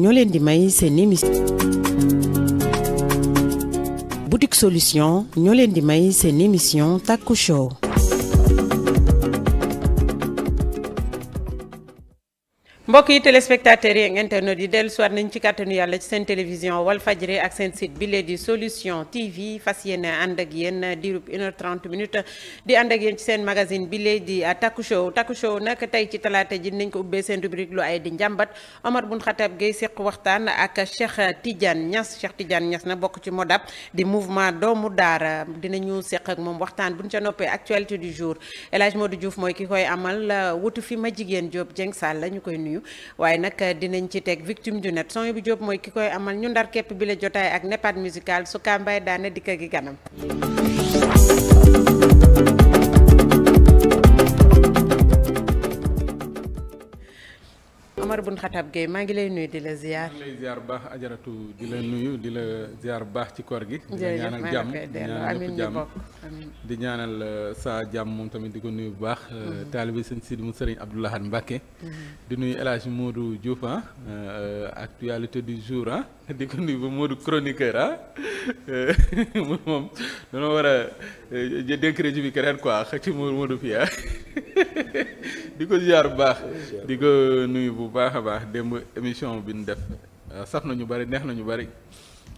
ñoo leen di may seen émission. boutique solution ñoo leen di may seen émission Taku Show. mbokk yi téléspectateurs yi ak internautes yi dellu siwaat nañ ci kàttanu yàlla ci seen télévision Walfadjri ak seen site bi lee di solution TV fas yéen ànd ak yéen dirub 1 heure 30 minutes di ànd ak yéen ci seen magasin bi lee di Taku Show Taku Show nag tey ci talaata ji nañ ko ubbee seen rubrique lu ay di njàmbat Omar Bun Xatab Gueye seq waxtaan ak Cheikh Tidiane ñas Cheikh Tidiane Niass na bokk ci MODAP di mouvement doomu daara dinañu seq ak moom waxtaan buñ ca noppee actualité du jour El Hadj Modou Diouf mooy ki koy amal wutu fi ma jigéen Diop Dieng Sall la ñu koy nuyu waaye nag dinañ ci teg victime ju net son bi Jóob mooy ki koy amal ñu ndar képp bi la jotaay ak nepad musical su Kambay daane dikk gi ganam Omar Bun Xatab Gueye maa ngi lay nuyu di la ziar. baax ajaratu di la nuyu di la ziar baax ci koor gi. di ñaanal jàmm amiin ñu di ñaanal euh, sa jàmm moom tamit di ko nuyu bu baax. Euh, mhm. taalibe sëñ Sidi mu sëriñ Abdoulahad Mbacke. Mhm. di nuyu El Hadj Modou Diouf ah. Euh, actualité du jour ah. di ko nuyu ba Modou chroniqueur ah. moom danoo war je euh, décret bi keneen quoi xëcc mu Modou Pia ah. di ko ziar bu baax di ko nuyu bu baax a baax démb émission bi ñu def ah, sax ñu bari neex na ñu bari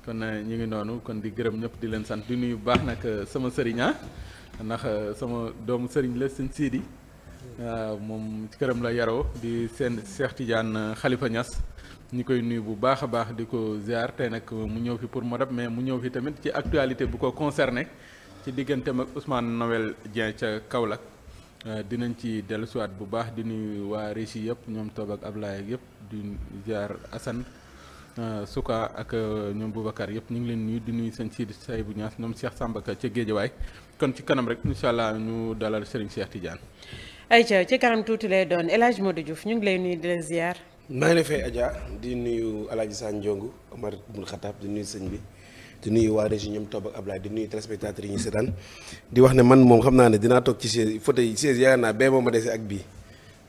kon ah, ñu ngi noonu kon di gërëm ñëpp di leen sant di nuyu bu baax nag sama sëriñ ndax sama doomu sëriñ la sëñ siidi waaw moom ci këram la yaroo di seen Cheikh Tidiane xalifa Niass ñu koy nuyu bu baax a baax di ko ziar nag mu ñëw fi pour Modap mais mu ñëw fi tamit ci actualité bu ko concerné ci diggante ak Ousmane Noël Dieng ca Kaolack euh, dinañ ci dellusiwaat bu baax di nuyu waa Régie yëpp ñoom toog ak Ablaye yëpp di jaar Assane euh, Souka ak euh, ñoom Boubacar yëpp ñu ngi leen nuyu di nuyu seen Sidi Saïbou Niass ñoom Cheikh Sambaka ca Géejawaay kon ci kanam rek incha allah ñu dalal Serigne Cheikh Tidiane. ayca ci kanam tuuti lay doon El Hadj Modou ñu ngi lay nuyu di la ziar. maa ngi fay Adja di nuyu El Hadj Sane Ndiongo Omar Ibn Khattab di nuyu sëñ bi. di nuyu waa région ñoom Toba ak Ablaye di nuyu téléspectateurs yi ñu seetaan di wax ne man moom xam naa ne dinaa toog ci chaise fauteuil chaise yaakaar naa bee moom ma dese ak bii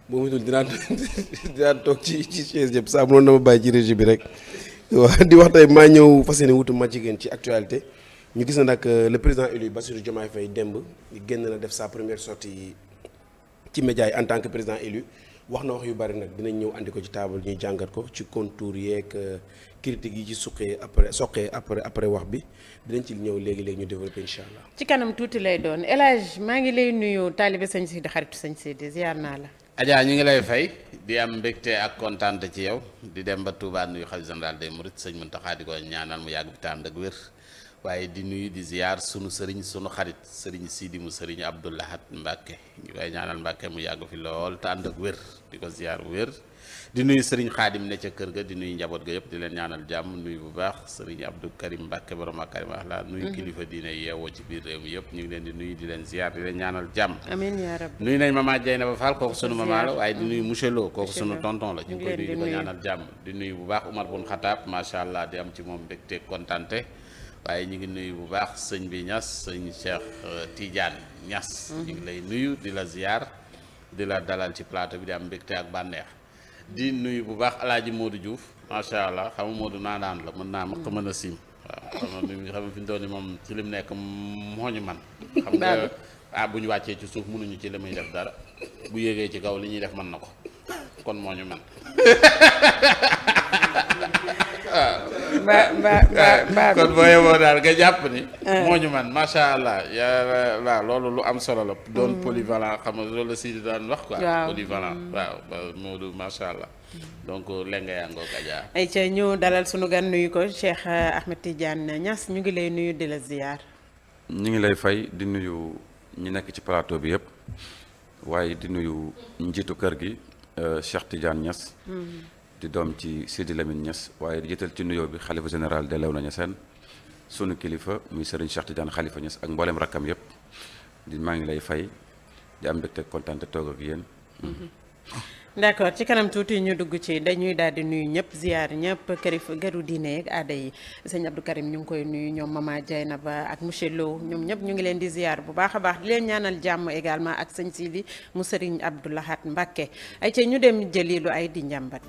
boo mu dinaa dinaa toog ci ci chaise yëpp na ma bàyyi ci région bi rek waaw di wax tey maa ñëw fas yéene wutu match ci actualité ñu gis na nag euh, le président élu Bassirou Diomaye Faye démb génn na def sa première sortie ci média yi en tant que président élu wax na wax yu bari nag dinañ ñëw andi ko ci taabal ñuy jàngat ko ci contour yeeg euh, critique yi ci suqee après soqee après après wax bi dinañ ci ñëw léegi léegi ñu développé incha allah. ci kanam tuuti lay doon El Hadj maa ngi lay nuyu taalibe sëñ Sidi xaritu sëñ Sidi ziar naa la. Adja ñu ngi lay fay di am mbégte ak kontaan ci yow di dem ba Touba nuyu xalifa général des Mourides sëñ Mountakha di ko ñaanal mu yàgg bi tànd ak wér. waaye di nuyu di ziyaar sunu sëriñ sunu xarit sëriñ Sidi sëriñ Abdou Lahad Mbacke ñu koy ñaanal Mbacke mu yàgg fi lool te ànd ak wér di ko ziyaar bu wér di nuyu sëriñ xaadim ne ca kër ga di nuyu njaboot ga yëpp di leen ñaanal jàmm nuyu bu baax sëriñ Abdou Karim Mbacke borom ak Karim wax laa nuyu mhm. kilifa diine yeewoo ci biir réew yëpp ñu ngi leen di nuyu di leen ziyaar di ñaanal jàmm amiin yaa rab nuyu nañ Ba Fall kooku sunu maman la waaye di nuyu mhm. monsieur Lo kooku sunu tonton la ñu ngi koy nuyu di ko ñaanal jàmm di nuyu bu baax Umar bun Xataab macha allah di am ci moom mbégte kontante waaye ñu ngi nuyu bu baax sëñ bi ñas sëñ Cheikh euh, Tidiane ñas mhm. ñu ngi lay nuyu di la ziar di la dalal ci plateau bi di am mbégte ak bànneex di nuyu bu baax alaaji Modou Diouf macha allah xam nga Modou naanaan la mën naa ma mhm. ko mën a siim waaw xam nga xam fi mu toll nii moom ci lim nekk moo ñu man xam nga ah ñu wàccee ci suuf mënuñu ci li muy def dara bu yéegee ci kaw li ñuy def man na ko kon moo ñu man waaw ah, kon boo yeboo daal nga jàpp ni eh. moo ñu man macha allah loolu lu am solo la doon mm. polyvalent xam nga loolu la si daan wax quoi polyvalent mm. waaw Modou macha allah mm. donc lenga yaa ngoog Adja ay ca ñu dalal sunu gan nuyu ko Cheikh eh, Ahmed Tidiane Niass ñu ngi lay nuyu di la ziyaar ñu ngi lay fay di nuyu ñu nekk ci plateau bi yëpp waaye di nuyu njiitu kër gi Euh, Cheikh Tidiane Niass. Mm-hmm. di doom ci Sidi Lamine ñas waaye di jëtal ci nuyoo bi xalifa général de na Niassène sunu kilifa muy Serigne Cheikh xalifa Niass ak mboolem rakkam yëpp di maa ngi lay fay di am mbégte kontaan te toog ak yéen. Mm-hmm. d'accord ci kanam tuuti ñu dugg ci dañuy daal di nuyu ñëpp ziar ñëpp kërif gëru diine ak aada yi sëñ Abdou Karim ñu ngi koy nuyu ñoom Mama Jaynaba ak monsieur Lo ñoom ñëpp ñu ngi leen di ziar bu baax a baax di leen ñaanal jàmm également ak sëñ Sidi mu sëriñ Abdou Lahat Mbacké ay ca ñu dem jëli ay di njàmbat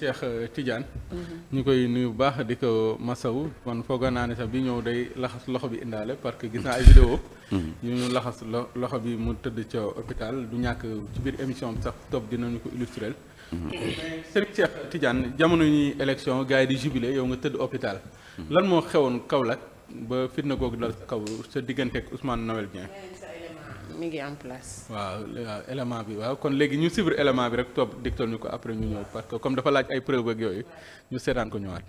Cheikh euh, Tidiane. Mm-hmm. ñu koy nuyu bu baax di ko masawu man fooga naa ne sax bi ñëw day laxas loxo bi indaale parce que gis naa ay vidéo mm-hmm. yu ñu laxas loxo bi mu tëdd ca hôpital du ñàkk ci biir émission bi sax topp dinañu ko illustrel mm-hmm. Serigne Cheikh Tidiane jamono ñuy élection gars yi di jubilé yow nga tëdd hôpital lan moo xewoon kaw Kaolack ba fitna googu dal kaw sa digganteeg Ousmane nowel bien mi ngi waaw waaw euh, élément bi waaw kon léegi ñu suivre élément bi rek topp diktal ñu ko après ñu ñëw parce que comme dafa laaj ay preuve ak yooyu ñu seetaan ko ñëwaat.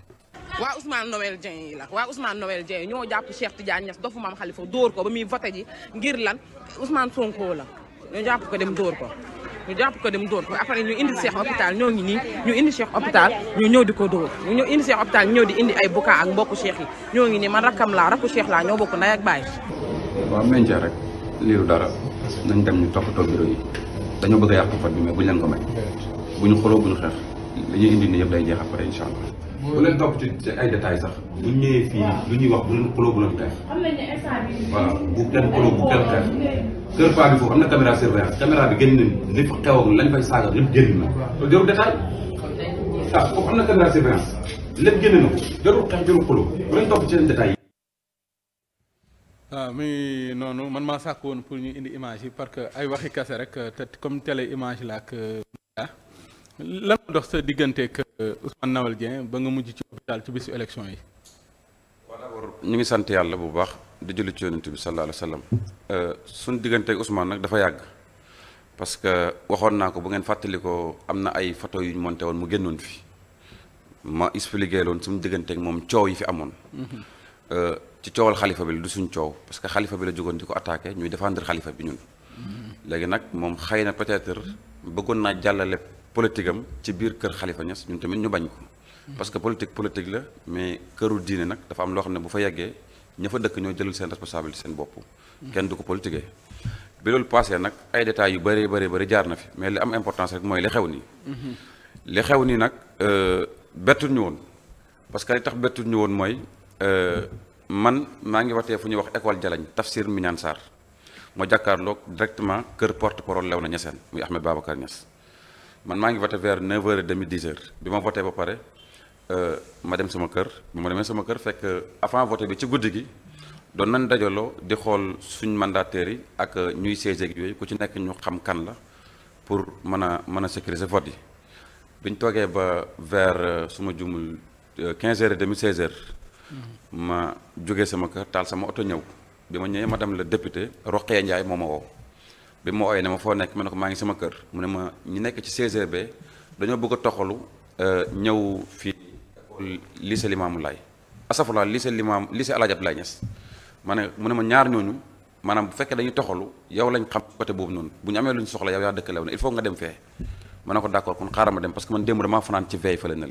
waa Ousmane Noël Dieng yi la waa Ousmane Noël Dieng ñoo jàpp Cheikh Tidiane Niass dofu maam Khalifa dóor ko ba muy voté ji ngir lan Ousmane Sonko la ñu jàpp ko dem dóor ko. ñu jàpp ko dem dóor ko après ñu indi Cheikh hôpital ñoo ngi nii ñu indi Cheikh ñu ñëw di ko dóor ñu ñëw indi Cheikh hôpital ñëw di indi ay bukka ak mbokku Cheikh yi ñoo ngi nii man rakkam laa rakku Cheikh laa ñoo bokk ak baay. liiru dara nañ dem ñu toppatoo bureau yi dañoo bëgg a yàq vote bi mais buñ leen ko may bu ñu xoloo bu ñu xeex li indi nii yëpp day jeex après incha allah. bu leen topp ci ci ay détails sax bu ñu ñëwee fii lu ñuy wax bu leen xoloo bu leen xeex voilà bu kenn xoloo bu kenn xeex kër paa bi foofu am na caméra surveillance caméra bi génn li fa xewoon lañ fay saaga lépp génn na loolu jarul détail ah, foofu am na caméra surveillance lépp génn ko jarul xeex jarul xoloo bu leen topp ci waaw ah, muy noonu man maa sàkk woon pour ñu indi image yi parce que ay waxi kase rek euh, te comme télé image la ak euh, lan moo dox sa digganteeg euh, Ousmane Nawel ba nga mujj ci hôpital ci bisu yi. ñu ngi sant yàlla bu baax di julli ci yonent bi sallallahu alayhi wasallam suñ digganteeg Ousmane nag dafa yàgg parce que waxoon naa ko bu ngeen fàttalikoo am na ay photo yu moonte woon mu génnoon fi ma expliqué loon suñu digganteeg moom coow yi fi amoon. Mm-hmm. ci coowal xalifa bi la du suñ coow parce que xalifa bi la jógoon di ko attaqué ñuy défendre xalifa bi ñun léegi nag moom xëy na peut-être bëggoon naa jàllale politique ci biir kër xalifa Niass ñun tamit ñu bañ ko parce que politique politique la mais këru diine nag dafa am loo xam ne bu fa yeggee ña dëkk ñoo jëlul seen responsabilité seen bopp kenn du ko politiqué bi loolu passé nag ay détails yu bëree bëri bëri jaar na fi mais li am importance rek mooy li xew nii li nii nag euh, bettuñu woon parce que li tax bettuñu woon mooy euh, man maa ngi watee fu ñuy wax école Jalañ Tafsir Mignane Sarr moo jàkkaarlook directement kër porte parole Léona Niassène muy Ahmed Babacar Niass man maa ngi voté vers 9h30 10h bi ma voté ba pare euh, ma dem sama kër bi ma demee sama kër fekk euh, avant voté bi ci guddi gi doon nañ dajaloo di xool suñ mandataires yi ak euh, ñuy siège ak yooyu ku ci nekk ñu xam kan la pour mën a mën a sécuriser vote yi bi ñu toogee ba vers suma jumul 15h30 16h. ma jóge sama kër taal sama oto ñëw bi ma ñëwee madame la député Roqee Ndiaye moo ma woo bi ma ooyee ne ma foo nekk ma ne ko maa ngi sama kër mu ne ma ñu nekk ci CGB dañoo bëgg a toxalu euh, ñëw fii école lycée Limamou Laye asafula lycée Limam lycée El Hadj ñaar ñooñu maanaam bu fekkee dañuy toxalu yow lañ xam côté boobu noonu bu ñu amee lu soxla yow yaa dëkk lew il faut nga dem fee ma ne ko d'accord kon xaaral ma dem parce man démb damaa fanaan ci veille fële na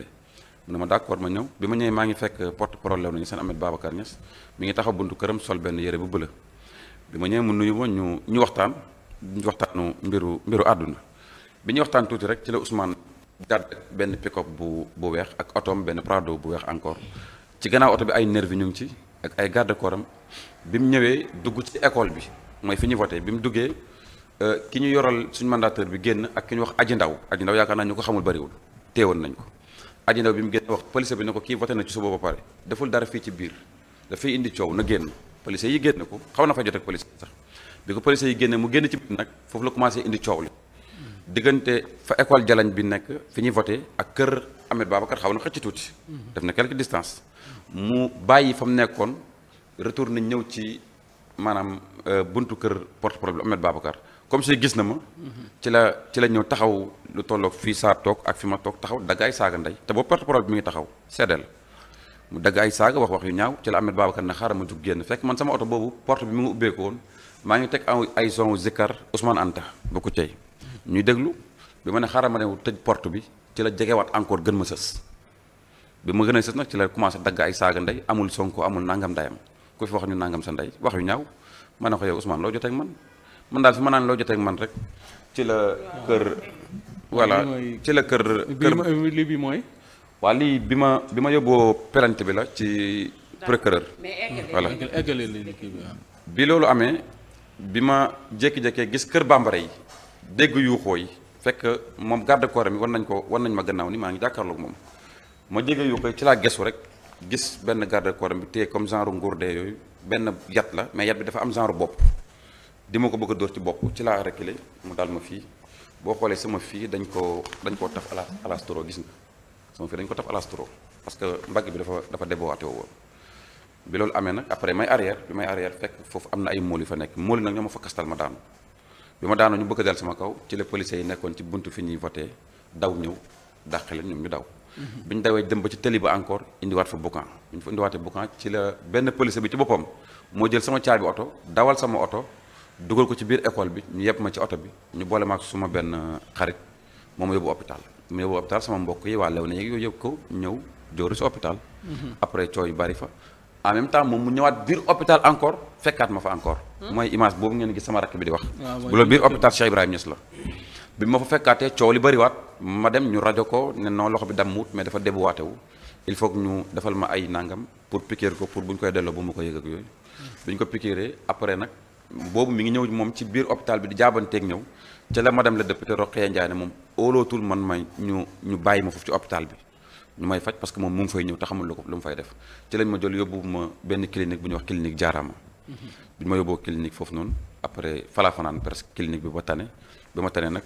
mu ne ma d'accord ma ñëw bi ma ñëwee maa ngi fekk porte problème nañu seen Ahmed Babacar Niass mi ngi taxaw buntu këram sol benn yére bu bëla bi ma ñëwee mu nuyu ma ñu ñu waxtaan ñu waxtaanu mbiru mbiru àdduna bi waxtaan tuuti rek ci la Ousmane jàdd benn pick bu bu weex ak otoom benn Prado bu weex encore ci gannaaw oto bi ay nervi ñu ngi ci ak ay garde am bi mu ñëwee dugg ci école bi mooy fi ñu voté bi mu duggee euh, ki ñu yoral suñu mandataire bi génn ak ki ñu wax aji ndaw aji ndaw yaakaar naa ñu ko xamul bariwul téewoon nañ ko aji ndaw bi mu génn wax police bi ne ko kii voté na ci suba ba pare deful dara fii ci biir dafay indi coow na génn police yi génn ko xaw na fa jot ak police sax bi ko police yi génne mu génn ci biir nag foofu la commencé indi coow li diggante fa école jalañ bi nekk fi ñuy voté ak kër Ahmed Babacar xaw na xëcc tuuti def na quelque distance mu bàyyi fa mu nekkoon retour na ñëw ci maanaam euh, buntu kër porte-parole Ahmed Babacar comme si gis na ma ci la ci la ñëw taxaw lu tolloog fii saa toog ak fi ma toog taxaw dagg ay saaga ndey te boobu porte-parole bi mi ngi taxaw sedda la mu dagg ay saaga wax wax yu ñaaw ci la Ahmed ma jug génn fekk man sama oto boobu porte bi mu ngi ubbeeku woon maa ngi teg aw ay son zikkar Ousmane Anta bu ko cey ñuy déglu bi ma ne xaaral ma ne tëj porte bi ci la jegewaat encore gën ma sës bi ma gën a sës nag ci la commencé dagg ay saaga ndey amul sonko amul nangam ndayam ku fi wax ñu nangam sa ndey wax yu ñaaw ma ne ko yow Ousmane loo jotee man man daal fi ma naan loo jotee ak man rek ci la kër. voilà kër. kër bi mooy. waa lii bi ma bi ma yóbboo plainte bi la ci procureur. voilà bi loolu amee bi ma jekki jékkee gis kër bambara yi dégg yuuxoo yi fekk moom garde corps mi wan nañ ko war nañ ma gannaaw ni maa ngi jàkkaarloog moom ma jéggi yuuxoo yi ci laa gesu rek gis benn garde corps bi te comme genre nguur de yooyu benn yat la mais yat bi dafa am genre bopp. di ma ko bëgg a dóor ci bopp ci laa reculé mu daal ma fii boo xoolee sama fii dañ koo dañ koo taf ala alastoro gis nga sama fii dañ ko taf alastoro parce que mbagg bi dafa dafa déboîté woon bi loolu amee nag après may arrière bi may arrière fekk foofu am na ay mool yu fa nekk mool yi nag ñoo ma fa kastal ma daanu bi ma daanoo ñu bëgg dal sama kaw ci la policiers yi nekkoon ci buntu fi ñuy voté daw ñëw dàqe leen ñoom ñu daw mhm. bi ñu dawee dem ba ci tëli ba encore indiwaat fa boucan bi ñu fa indiwaatee boucan ci la benn policier bi ci boppam moo jël sama caabi oto dawal sama oto dugal ko ci biir école bi ñu yepp ma ci oto bi ñu boole ma ak suma benn xarit moom ma yóbbu hôpital mu yóbbu hôpital sama mbokk yi waa lew na yooyu yëpp ko ñëw jóoru si hôpital mhm. après coow bari fa en même temps moom mu ñëwaat biir hôpital encore fekkaat ma fa encore hmm? mooy image boobu ngeen gis sama rakk bi di wax loolu ah, biir hôpital Cheikh Ibrahima Niass la bi ma fa fekkaatee coow li bariwaat ma dem ñu rajo ko ne noo loxo bi dammut mais dafa débuwaate wu il faut que ñu defal ma ay nangam pour piquer ko pour koy delloo bu ma ko yëg ak yooyu hmm. bu ñu boobu mi ngi ñëw moom ci biir hôpital bi di jaabanteeg ñëw ca la madame la député Rokhaya Ndiaye moom óolootul man ma ñu ñu bàyyi ma foofu ci hôpital bi ñu may faj parce que moom mu ngi fay ñëw te xamul lu ko lu mu fay def ci lañ ma jël yóbbu ma benn clinique bu ñuy wax clinique jaaraama bi ma yóbboo clinique foofu noonu après fala fanaan presque clinique bi ba tane bi ma tane nag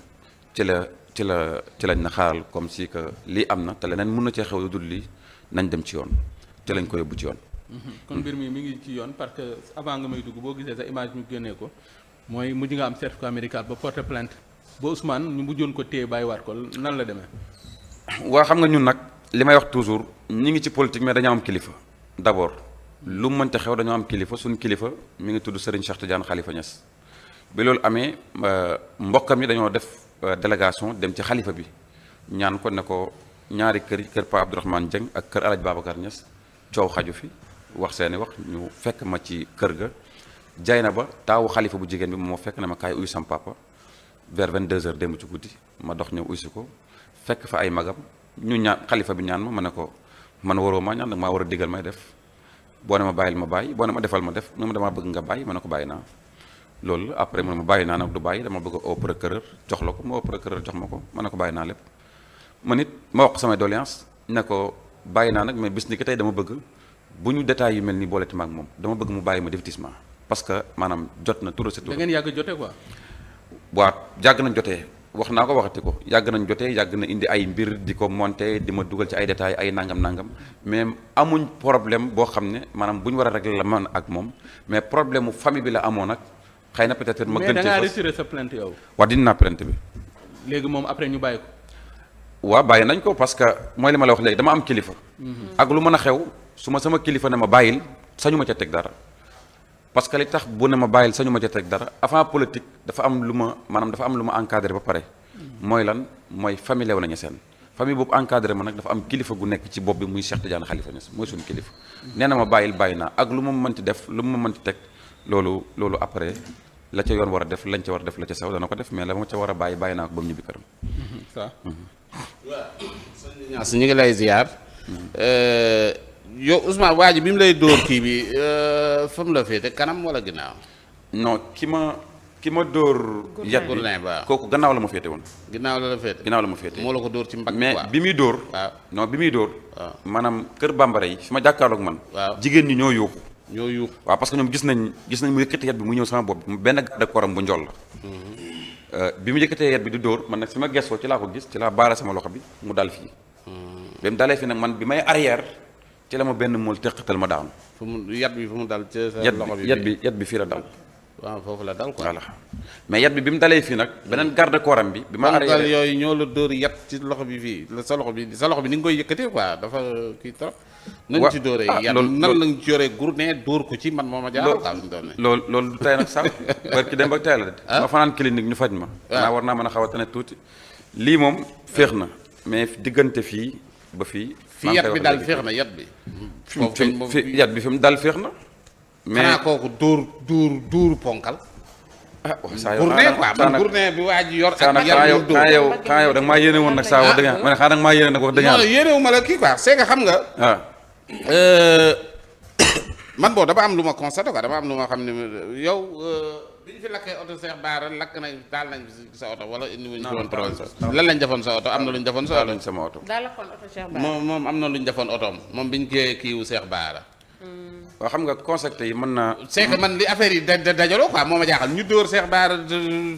ci la ci la ci lañ na xaaral comme si lii am na leneen mën na cee xew lu dul lii nañ dem ci yoon ci lañ ko yóbbu ci yoon Mm-hmm. kon mbir mi mi ngi ci yoon parce que avant nga may dugg boo gisee sa image ñu génnee ko mooy mujj nga am certificat médical ba porter plainte ba Ousmane ñu mujjoon ko téye bàyyiwaat ko nan la demee. waa xam nga ñun nag li may wax toujours ñi ngi ci politique mais dañoo am kilifa d'abord lu mu mënta xew dañoo am kilifa suñu kilifa mi ngi tudd Serigne Cheikh Tidiane Khalifa Niass bi loolu amee euh, mbokkam yi dañoo def euh, délégation dem ci xalifa bi ñaan ko ne ko ñaari kër kër Pa Abdourahmane ak kër El Hadj Babacar Niass wax seeni wax ñu fekk ma ci kër ga jay na ba taawu xalifa bu jigéen bi moo fekk na ma kaay uyu sam papa vers 22 heures démb ci guddi ma dox ñëw uysi ko fekk fa ay magam ñu ñaan xalifa bi ñaan ma ma ne ko man waroo maa ñaan nag ma war a digal may def boo ne ma bàyyil ma bàyyi boo ne ma defal ma def nu ma damaa bëgg nga bàyyi ma ne ko bàyyi naa loolu après mu ne naa nag du bàyyi dama bëgg au procureur jox la ko ma au procureur jox ma ko ma ne ko bàyyi naa lépp ma it ma wax samay doléance ne ko bàyyi naa nag mais bis ni ki tey dama bëgg bu ñu détails yu mel ni boole maag moom dama bëgg mu bàyyi ma divertissement parce que maanaam jot na tur a sa tur da ngeen yàgg jote quoi. waaw yàgg nañ jotee wax naa ko waxati ko yàgg nañ jotee yàgg na indi ay mbir di ko monter di ma dugal ci ay détails ay nangam nangam mais amuñ poroblème boo xam ne maanaam bu ñu war a régler la man ak moom mais problème mu famille bi la amoon nag xëy na peut-être. ma gën cee mais da ngaa retiré sa yow. waaw dindi naa plainte bi. léegi moom après ñu bàyyi ko. waa bàyyi nañ ko parce que mooy li ma la wax léegi dama am kilifa. Mhm. ak lu mën a xew su ma sama kilifa ne ma bàyyil sañu ma ca teg dara. parce que li tax bu ne ma bàyyil sañu ma ca teg dara avant politique dafa am lu ma maanaam dafa am lu ma encadré ba pare. Mhm. mooy lan mooy famille Léona Niassène famille boobu encadré ma nag dafa am kilifa gu nekk ci bopp bi muy Cheikh Tidiane Khalifa Niass mooy suñu kilifa. Mhm. nee na ma bàyyil bàyyi naa ak lu ma mënti def lu ma mënti teg loolu loolu après. la ca yoon war def lañ ca war def la ca saw dana ko def mais la ma war a bàyyi bàyyi naa ko ba mu ñibbi këram. waaw ñu ngi lay ziar. yow Ousmane waa bi mu lay dóor kii bi euh, fa mu la féete kanam wala ginnaaw. no ki ma ki ma dóor. yat bi kooku gannaaw la ma féete woon. ginnaaw la la féete ginnaaw la ma féete. moo la ko dóor ci mbag mais bi muy dóor. waaw non bi muy dóor. waaw maanaam kër bambara yi fi ma jàkkaarloog man. waaw jigéen ñi ñoo yuuxu. ñoo yuuxu waaw parce ñoom gis nañ gis nañ mu yëkkati yat bi mu ñëw sama bopp benn garde corps bu njool la. Mm-hmm. Euh, bi mu yëkkatee yet bi di dóor man nag si ma gestoo ci laa ko gis ci laa baara sama loxo bi mu dal fii hmm. bi mu dalee fii nag man bi may arrière ci ma benn mool teqatal ma daanu fu mu yet mu dal ci sa loxo bi yet bi yet bi fii la dal waaw foofu la dal quoi voilà mais yat bi bi mu dalee fii nag hmm. beneen garde corps bi bi ma arrière yooyu ñoo la dóor yat ci loxo bi fii sa loxo bi sa loxo bi ni nga koy yëkkatee quoi dafa kii trop nañ si dooree ah, yàlla nan lañ joree gurne dóor ko ci man moo ma jaaxal daal ñu doon loolu barki dem ba tey la de ah? ma fanaan clinique ñu faj ma ah. naa war naa mën a xaw a tuuti lii moom féex na mais diggante fii ba fii fi yat bi daal féex na yat bi fi yat bi fi mu dal féex na mais xanaa kooku dóor dóor dóor ponkal ah waaw saa yow man gourné bi waa ji yor ak yàlla yow dóor yow yow da nga maa yéene woon nag saa wax dëgg ma xanaa da nga maa yéene nag wax dëgg yàlla. non wu ma la kii quoi c'est que xam nga. Euh, man boo dama am lu ma constaté quoi dama am lu ma xam ne yow euh, bi ñu fi lakkee oto Cheikh Bara lakk nañ daal nañ sa oto wala indi wuñ doon projet lan lañ defoon sa oto am na lu ñu defoon sa oto oto daal lakkoon oto Cheikh Bara moom am na lu ñu defoon otoom moom bi ñu kee kiiwu Cheikh Bara hmm. waaw xam nga concept yi mën na c'est man li affaire yi da dajaloo quoi moo ma jaaxal ñu dóor Cheikh Bara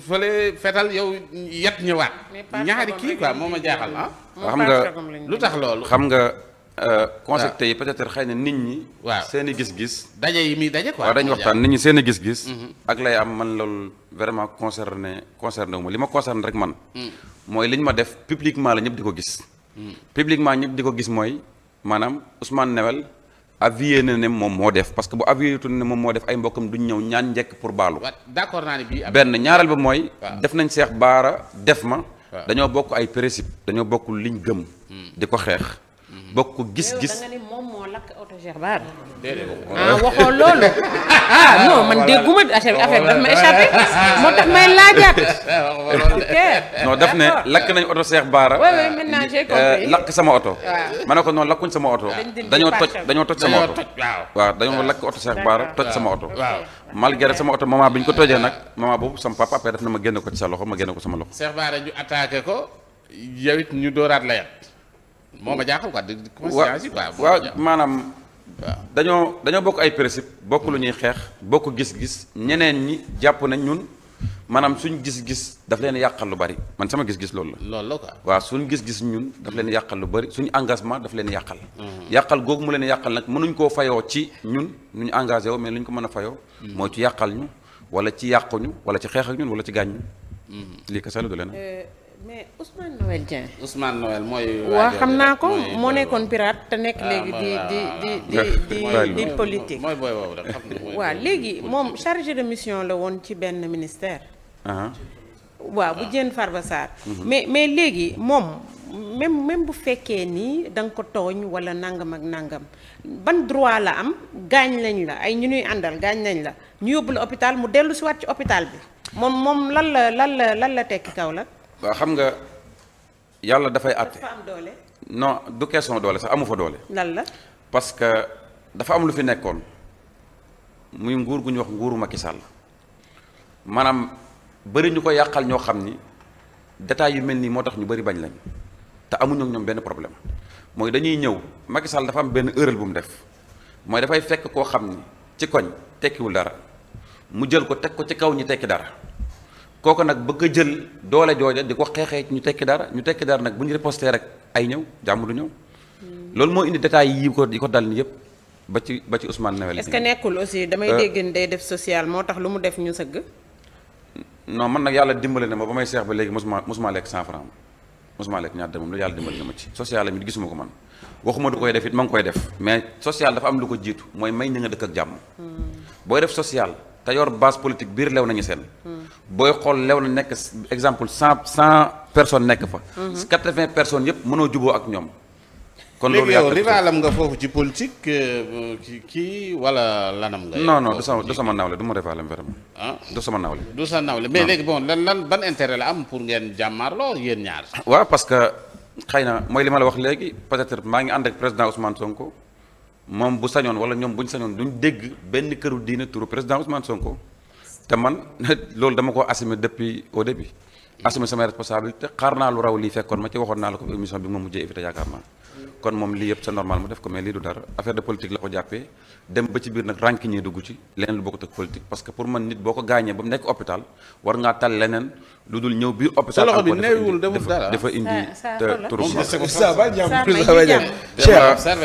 fële fetal yow yat ñëwaat. ñaari kii quoi moo ma jaaxal ah. xam nga lu tax loolu. xam nga Euh, ah. concept yi peut être xëy na nit ñi. waaw seen gis-gis. daje yi muy daje waaw dañuy waxtaan nit ñi seen gis-gis. Mm-hmm. ak lay am man loolu vraiment concerné concerné wu ma li ma concerné rek man. Mm. mooy li ñu ma def publiquement la ñëpp di ko gis. Mm. publiquement ñëpp di ko gis mooy maanaam Ousmane Noël aviyé na ne moom moo def parce que bu aviyé tu ne moom moo def ay mbokkam duñ ñëw ñaan njekk pour baalu. d'accord naa ne bii benn ñaareel ba mooy. def nañ seex Bara def ma. dañoo bokk ay principe dañoo bokk liñ gëm. Mm. di ko xeex. bokk gis-gis da nga ni moom ah, waxoo loolu. ah man dégguma affaire daf ma moo tax may laajaat. ok non ne lakk nañu oto Cheikh Bara. oui oui maintenant euh, lakk sama oto. waaw ma ne ko noonu lakkuñ sama oto. dañoo toj dañoo toj sama oto. waaw waaw dañoo lakk oto Cheikh Bara toj sama oto. waaw malgré sama oto moment bi ñu ko tojee nag moment boobu sama papa après daf na ma génne ko ci sa loxo ma génne ko sama loxo. Cheikh Bara ñu attaqué ko yow it ñu dooraat la moo ma jaaxal quoi di conscience yi quoi waaw maanaam dañoo dañoo bokk ay principe bokk lu ñuy xeex bokk gis-gis ñeneen ñi jàpp nañ ñun maanaam suñ gis-gis daf leen yàqal lu bari man sama gis-gis loolu la. waaw suñ gis ñun daf leen yàqal lu bari suñu engagement daf leen yàqal. Mhm. yàqal googu mu leen yàqal nag mënuñ koo fayoo ci ñun nu ñu engagé woo mais lu ñu ko mën a fayoo. Mhm. mooy ci yàqal ñu wala ci yàqu ñu wala ci xeex ak ñun wala ci gaañ ñu. Mhm. lii kese du leen euh, mais Ousmane Noël Dieng. Ousmane Noël mooy. waa xam naa ko moo nekkoon pirate te nekk ah, léegi di di di di di di léegi moom chargé de mission la woon ci benn ministère. Uh-huh. waaw bu jën Farba Sarr. Uh-huh. mais mais léegi moom même même bu fekkee nii da nga ko tooñ wala nangam ak nangam ban droit la am gaañ lañ la ay ñu ñuy àndal gaañ lañ la ñu yóbbu la hôpital mu dellu si waat ci hôpital bi moom moom lan la lan la lan la tekki kaw la. waa xam nga yàlla dafay àtte no du question doole sax amu fa doole. lan la parce que dafa am lu fi nekkoon muy nguur gu ñu wax nguuru Macky Sall maanaam bëri ñu ko yàqal ñoo xam ni détails yu mel nii moo tax ñu bëri bañ lañ te amuñu ak ñoom benn problème mooy dañuy ñëw Macky Sall dafa am benn erreur bu mu def mooy dafay fekk koo xam ni ci koñ tekkiwul dara mu jël ko teg ko ci kaw ñi tekki dara. kooku nag bëgg a jël doole jooja di ko xeexee ñu tekki dara ñu tekki dara nag bu ñu riposté rek ay ñëw jàmm du ñëw. loolu moo indi détails yi ko di ko dal nii yëpp ba ci ba ci Ousmane Noël. est-ce que nekkul aussi euh, day def social moo tax lu mu def ñu sëgg. non man nag yàlla dimbale na ma ba may seex ba léegi mosuma mosuma lekk 100 francs mosuma lekk ñaar demam lu yàlla dimbale na ma ci social la mi gisuma ko man waxuma du koy def it ma ngi koy def mais social dafa am lu ko jiitu mooy may ña nga dëkk ak jàmm. Hmm. booy def social. te yor base politique biir lew nañu seen. booy xool lew na nekk exemple cent cent personne nekk fa. Mhm. quatre vingt personnes yëpp mënoo juboo ak ñoom. kon loolu yow rivalam nga foofu ci politique euh, kii wala lanam nga. non non du sama du sama nawle du ma rivalam vraiment. ah du sama nawle. du sa nawle mais léegi bon lan lan ban intérêt la am pour ngeen jàmmaarloo yéen ñaar. waaw parce que xëy na mooy li ma la wax léegi peut-être maa ngi ànd ak président Ousmane Sonko. moom bu sañoon wala ñoom bu ñu sañoon duñ dégg benn këru diine turu président Ousmane Sonko te man loolu dama ko assumé depuis au début mm. assumé samay responsabilité xaar naa lu raw lii fekkoon ma ci waxoon naa la ko émission bi ma mujjee évité yaakaar naa kon moom lii yëpp c'est normal mu def ko mais lii du dara affaire de politique la ko jàppee dem ba ci biir nag rànki dugg ci leneen lu bokkut ak politique parce que pour man nit boo ko gaañee ba mu nekk hôpital war ngaa tal leneen lu dul ñëw biir hôpital loxo bi neewul deful dafa indi turu saa ba jàmm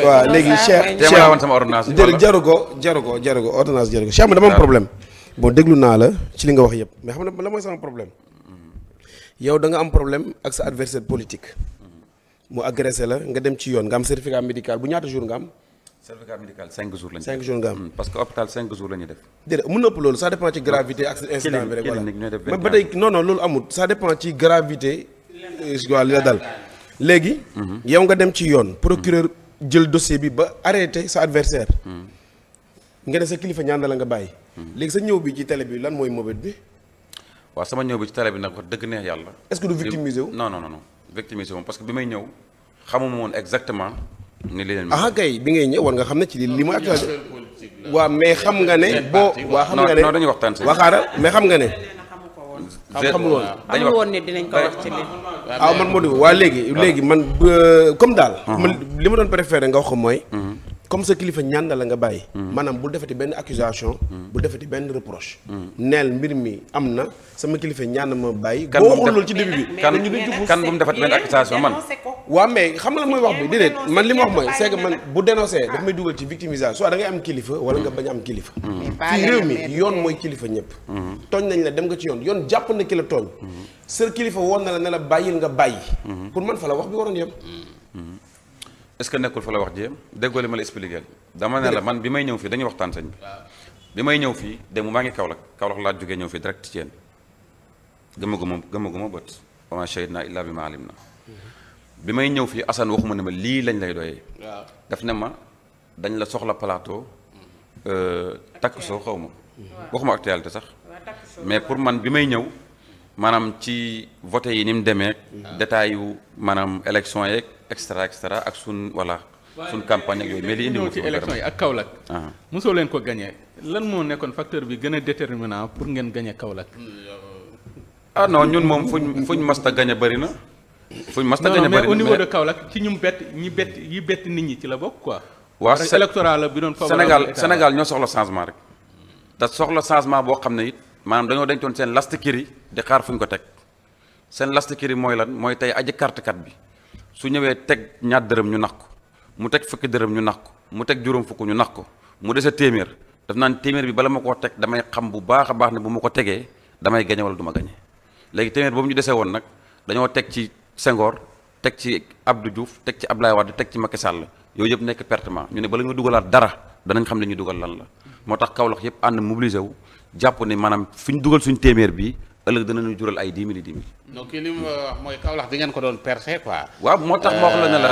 waaw léegi Cheikh Cheikh laa woon sama ordonnance jaru ko jaru ko jaru ko ordonnance jaru ko dama problème bon déglu naa la ci li nga wax yëpp mais xam na la mooy sama problème mm-hmm. yow da nga am problème ak sa adversaire politique mu agressé la nga dem ci yoon nga am certificat médical bu ñaata jour nga am. certificat médical 5 jours nga am hmm, parce que hôpital 5 jours la def. déedéet mun na ëpp loolu ça dépend ci gravité ak incident bi rek voilà mais ba tey non non loolu amul ça dépend ci gravité. Euh, waaw léegi. Mhm. yow nga dem ci yoon. procureur jël dossier bi ba arrêté sa adversaire mhm. nga ne sa kilifa ñaan la nga bàyyi. Mhm. léegi sa ñëw bi ci télé bi lan mooy mobet bi. waaw sama ñëw bi ci télé bi nag wax dëgg neex yàlla. est-ce que du victimiser wu. victimisé moom parce que bi may ñëw xamuma woon exactement. ni li leen ah kay bi ngay ñëw war nga xam ne ci li li mu actualité waaw mais xam nga ne boo. waa xam nga ne non dañuy waxtaan si. waxaaral mais xam nga ne. xamul woon dañuy wax woon ne dinañ ko wax ci li ah man moo di waa léegi léegi man euh, comme daal. man li ma doon préféré nga wax ko mooy. Mhm. comme sa kilifa ñaan na la nga bàyyi. Mm. maanaam bul defati benn accusation. Mm. bul defati benn reproche. Mm. neel mbir mi am na sama kilifa ñaan na ma bàyyi. kan boo waxul loolu ci début bi kan kan bu mu defati benn accusation man. waaw mais xam nga mooy wax bi déedéet man li ma wax mooy c'est que man bu dénoncé daf may dugal ci victimisation soit da ngay am kilifa wala nga bañ am kilifa. fii réew mi yoon mooy kilifa ñëpp. tooñ nañ la dem nga ci yoon yoon jàpp na ki la tooñ. sa kilifa woon na la ne bàyyil nga bàyyi. pour man fa la wax bi waroon yem. est-ce que nekkul fa la wax jéem déggoo li ma la expliqué la man bi may ñëw fii dañuy wax sëñ bi bi may ñëw fii dem maa ngi Kaolack Kaolack laa jógee ñëw fii direct ci yéen gëmmaguma gëmmaguma bët wa maa shahidnaa illaa bimaa na bi may ñëw fii Assane waxuma ne ma lii lañ lay doy daf ne ma dañ la soxla plateau mm-hmm. euh, takk soo xaw ma waxuma actualité sax mais pour man bi may ñëw maanaam ci voté yi ni mu demee mm-hmm. détail yu maanaam élection yeeg extra extra ak sun voilà. suñ campagne ak yooyu mais li indi ci élection yi ak Kaolack. Ah. mosoo leen ko gagné lan moo nekkoon facteur bi gën a déterminant pour ngeen gagné Kaolack. ah non ñun moom fuñ fuñ masta gagné bëri na. fuñ masta gagné bëri na mais au niveau de ci ñu bett ñi bett yi bett nit ñi ci bokk quoi. waa électoral bi doon Sénégal Sénégal ñoo soxla changement rek. te soxla changement boo xam ne it maanaam dañoo dencoon seen lastikiri di xaar fuñ ko teg seen lastikiri mooy lan mooy tey aji carte kat bi. su ñëwee teg ñaar dërëm ñu nax ko mu teg fukki dërëm ñu nax ko mu teg juróom fukk ñu nax ko mu dese téeméer daf naa téeméer bi bala ma koo teg damay xam bu baax a baax ne bu ma ko tegee damay gañe wala du ma gañe léegi téeméer boobu ñu desee woon nag dañoo teg ci Senghor teg ci Abdou Diouf teg ci Abdoulaye Wade teg ci Macky Sall yooyu yëpp nekk pertement ñu ne bala ñu dugalaat dara danañ xam ne ñu dugal lan la moo tax Kaolack yëpp ànd mobilisé wu jàpp ne maanaam fi ñu dugal suñ téeméer bi ëllëg danañu jural ay dix mille dix mille. donc li mu wax mooy Kaolack di ngeen ko doon percé ko waaw moo tax ma wax la ne la.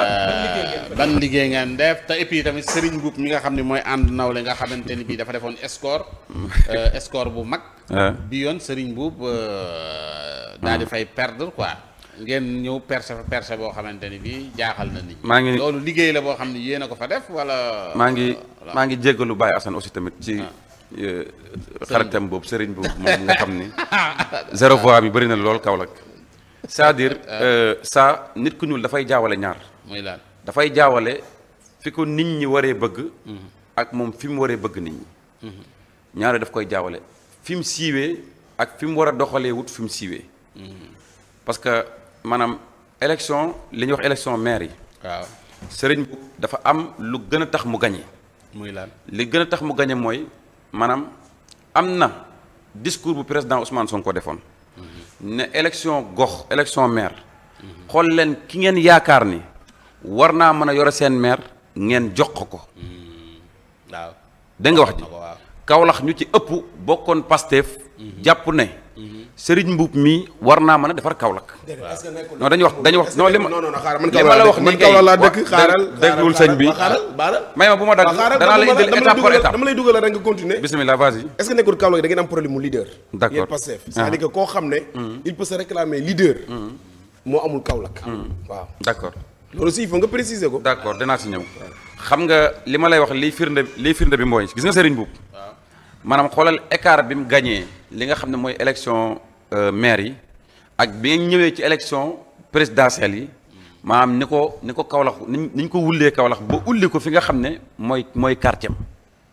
Euh, ban liggéey ngeen def te et puis tamit Serigne Mboup mi nga xam ne mooy ànd nawle nga xamante ni bii dafa defoon score. Euh, score bu mag. bi yoon Serigne Mboup euh, daal di mm. fay perdre quoi. ngeen ñëw percé fa percé boo xamante ni bii jaaxal na nit maa ngi loolu liggéey la boo xam ne yéen a ko fa def wala. maa ngi maa ngi jéggalu Baye Assane aussi tamit ci. Ah. Euh, xaritam boobu sëriñ boobu moom nga xam ni zéro voix yu bëri na lool Kaolack c'est-à-dire saa ah. euh, nit ku ñuul dafay jaawale ñaar muy dafay jaawale fi ko nit ñi waree bëgg mhm. ak moom fi mu waree bëgg nit ñi mhm. ñaare daf koy jaawale fi mu siiwee ak fi mu war a doxalee wut fi mu siiwee mhm. parce que maanaam élection li ñuy wax élection maire yi waaw sëriñ boobu dafa am lu gën a tax mu gañe muy lan li gën a tax mu gañe mooy maanaam am na discours bu président Ousmane ko defoon ne élection gox élection maire xool leen ki ngeen yaakaar ni war naa mën a yore seen maire ngeen jox ko ko hmm. waaw dégg nga wax ji Kaolack ñu ci ëpp bokkoon Pastef hmm. jàpp ne Mm-hmm. Serigne Mboup mi war naa mën a defar Kaolack. non dañuy wax dañuy wax non wax nii kay déglul sëñ bi. may ma bu ma dagg danaa la indil étape par étape. dama lay dugal rek nga que nekkul Kaolack da ngeen am problème mu leader. d'accord ah. mm. mm. moo amul Kaolack. Mm. waaw d'accord. loolu aussi il faut nga préciser ko. d'accord danaa si ñëw. xam nga li ma lay wax liy firnde liy firnde bi mooy gis nga Serigne Mboup. maanaam xoolal écart bi mu gagné li nga xam ne mooy élection euh, maire yi ak bi nga ñëwee ci élection présidentielle yi maanaam ni ko ni ko Kaolack ni ñu ko wullee kawlax ba ulli ko fi nga xam ne mooy mooy quartier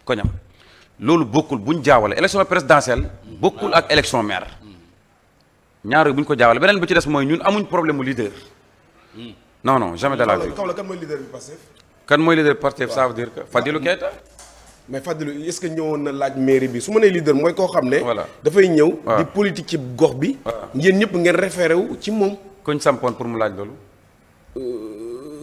koñam loolu bokkul bu ñu jaawale élection présidentielle bokkul ak élection maire ñaar bu ñu ko jaawale beneen bi ci des mooy ñun amuñ problème mu leader. non non la vie. Kaolack kan mooy leader bi Pastef. kan mooy leader Pastef ça veut dire mais Fadilou est-ce que ñëwoon na laaj mairie bi su ma nee leader mooy koo xam ne. dafay ñëw. di politique ci gox bi. yéen ñëpp ngeen référé wu ci moom. koñ sampoon pour mu laaj loolu. Euh,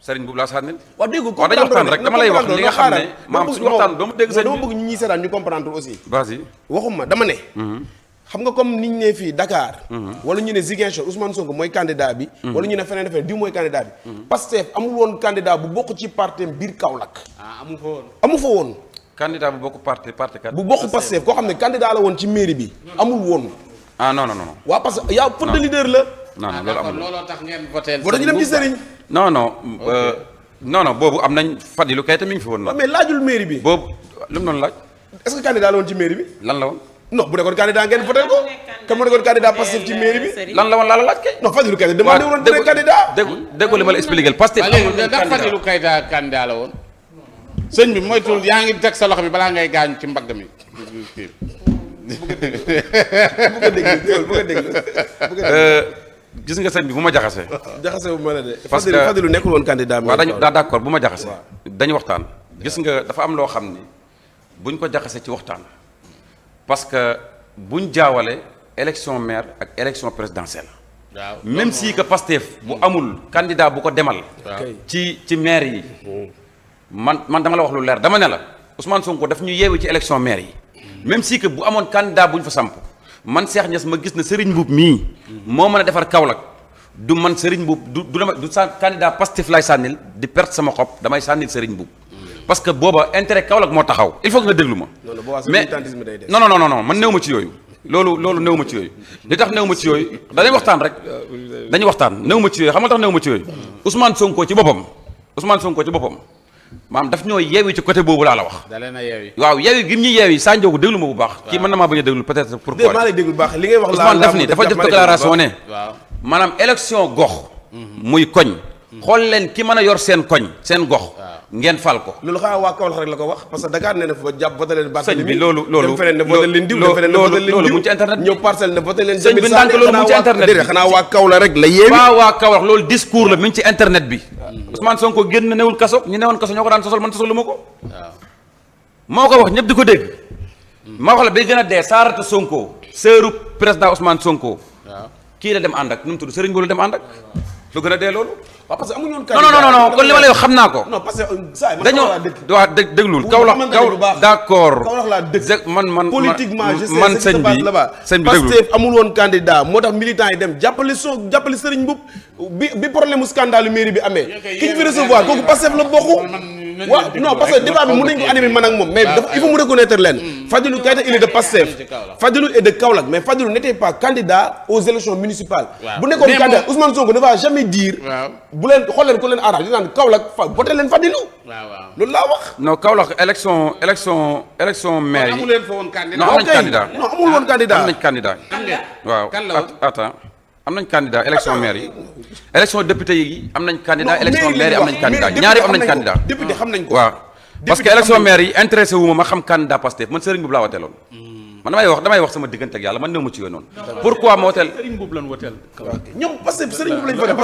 sëriñ boobu laa sànnil. waaw dégg ko comprendre rek dama lay wax li dama ne. Mhm. xam nga comme niñ ne fii Dakar. Mhm. wala ñu ne Ziguinchor Ousmane Sonko mooy candidat bi. Mhm. wala ñu ne feneen feneen diw mooy candidat bi. Pastef amul woon candidat bu bokk ci partem biir Kaolack. ah amu fa woon amu fa woon. candidat bu bokk parti parti kat. bu bokk Pastef koo xam ne candidat la woon ci mairie bi. amul woon. ah non non non. waaw parce que leader la. non non ah, loolu amul looloo tax ngeen voté. voté ñu dem ci sëriñ. non non. Euh, non non boobu am nañ Fadilou Keita mi ngi fi woon. mais laajul mairie bi. boobu lu mu doon laaj. est-ce que candidat la woon ci mairie bi. lan la woon. non bu nekkoon candidat ngeen voté ko. kan mu nekkoon candidat Pastef ci mairie bi. lan la woon laa la laaj kay. non Fadilou Keita demandé woon dina candidat. déggu déggu li ma la expliqué Pastef. ndax Fadilou Keita candidat la woon. sëñ bi moytul yaa ngi teg sa loxo bi balaa ngay gaañ ci mbagg mi. bu ko déglu bu ko déglu bu ko déglu euh, gis nga sëñ bi bu ma jaxasee. jaxase bu ma la parce que Fadilou nekkul woon candidat. waaw dañu daa d' accord bu ma jaxasee. dañu waxtaan. gis nga dafa am loo xam ni buñ ko jaxasee ci waxtaan. parce que buñ jaawale élection maire ak élection présidentielle. waaw même si que Pastef bu amul candidat bu ko demal. ci ci maire yi. Mm-hmm. man man dama la wax lu leer dama ne la Ousmane Sonko daf ñu yeewi ci élection maire yi. Mm-hmm. même si bu amoon candidat buñ fa samp man Cheikh Niass ma gis na Serigne Mboup mii moo mën a defar Kaolack du man Serigne Mboup du du dama du sa candidat Pastef laay sànnil di perte sama xob damay sànnil Serigne Mboup parce que booba intérêt Kaolack moo taxaw il faut que nga déglu ma mais non no non non man néew ma ci yooyu loolu loolu néew ma ci yooyu li tax néew ma ci yooyu dañuy waxtaan rek dañuy waxtaan néew ma ci yooyu xam nga tax néew ma ci yooyu Ousmane sonkoo ci boppam Ousmane sonkoo ci boppam maam daf ñoo yeewi ci côté boobu laa la wax. da leen a yeewi waaw yeewi gim ñuy yeewi saa njoogu déglu ma bu baax. kii mën na maa bañ a déglu peut pour pourquoi. maa lay déglu bu baax li ngay wax. laa daf ni dafa def déclaration ne. waaw maanaam élection gox. Mhm. muy koñ. xool leen ki mën a yor seen koñ seen gox ngeen fal ko loolu xanaa waa Kaolack la ko wax parce que Dakar nee na fa jàpp voté leen sëñ loolu loolu la yéemi ci internet bi Ousmane Sonko génn newul kaso ñoo ko daan sosol man sosolu ma ko moo ko wax ñëpp di ko dégg ma wax la bi gën a dee Saarata Sonko sëru président Ousmane Sonko kii la dem ànd ak nu mu tudd sëriñ boobu la dem ànd ak lu gën a dee loolu waaw parce que amuñu woon non non non kon li ma lay wax xam naa ko. non parce que saa euh, yi man kaw laa dëkk dañoo waaw dé déglul kaw la kaw d'accord man man politiquement je sais man sëñ bi sëñ bi déglul Pastef amul woon candidat moo tax militant yi dem jàppale son jàppale sëriñ Mboup bi bi problème mu scandale mairie bi amee ki ñu fi recevoir kooku Pastef la bokku waaw non parce que débat bi mën nañu ko animer man ak moom mais dafa il faut euh, mu reconnaître leen hmm. Fadilou Keita il est de Pastef Fadilou est de Kaolack mais Fadilou n'était pas candidat aux élections municipales bu nekkoon candidat jamais dire bu leen xool leen ku leen arrange dinaan Kaolack fa voté leen Fadilou loolu laa wax non Kaolack élection élection élection maire yi non amul woon candidat non amul woon ah, candidat waaw attends am nañ candidat élection maire yi élection député yi am nañ candidat élection maire yi am nañ candidat ñaar yëpp am nañ candidat député xam nañ ko waaw parce que élection maire yi intéressé wu ma ma xam candidat Pastef man bu laa wateeloon man damay wax damay wax sama diggante ak yàlla man néew ma ci yooyu noonu. pourquoi ma woteel ñoom parce que Serigne Boub fa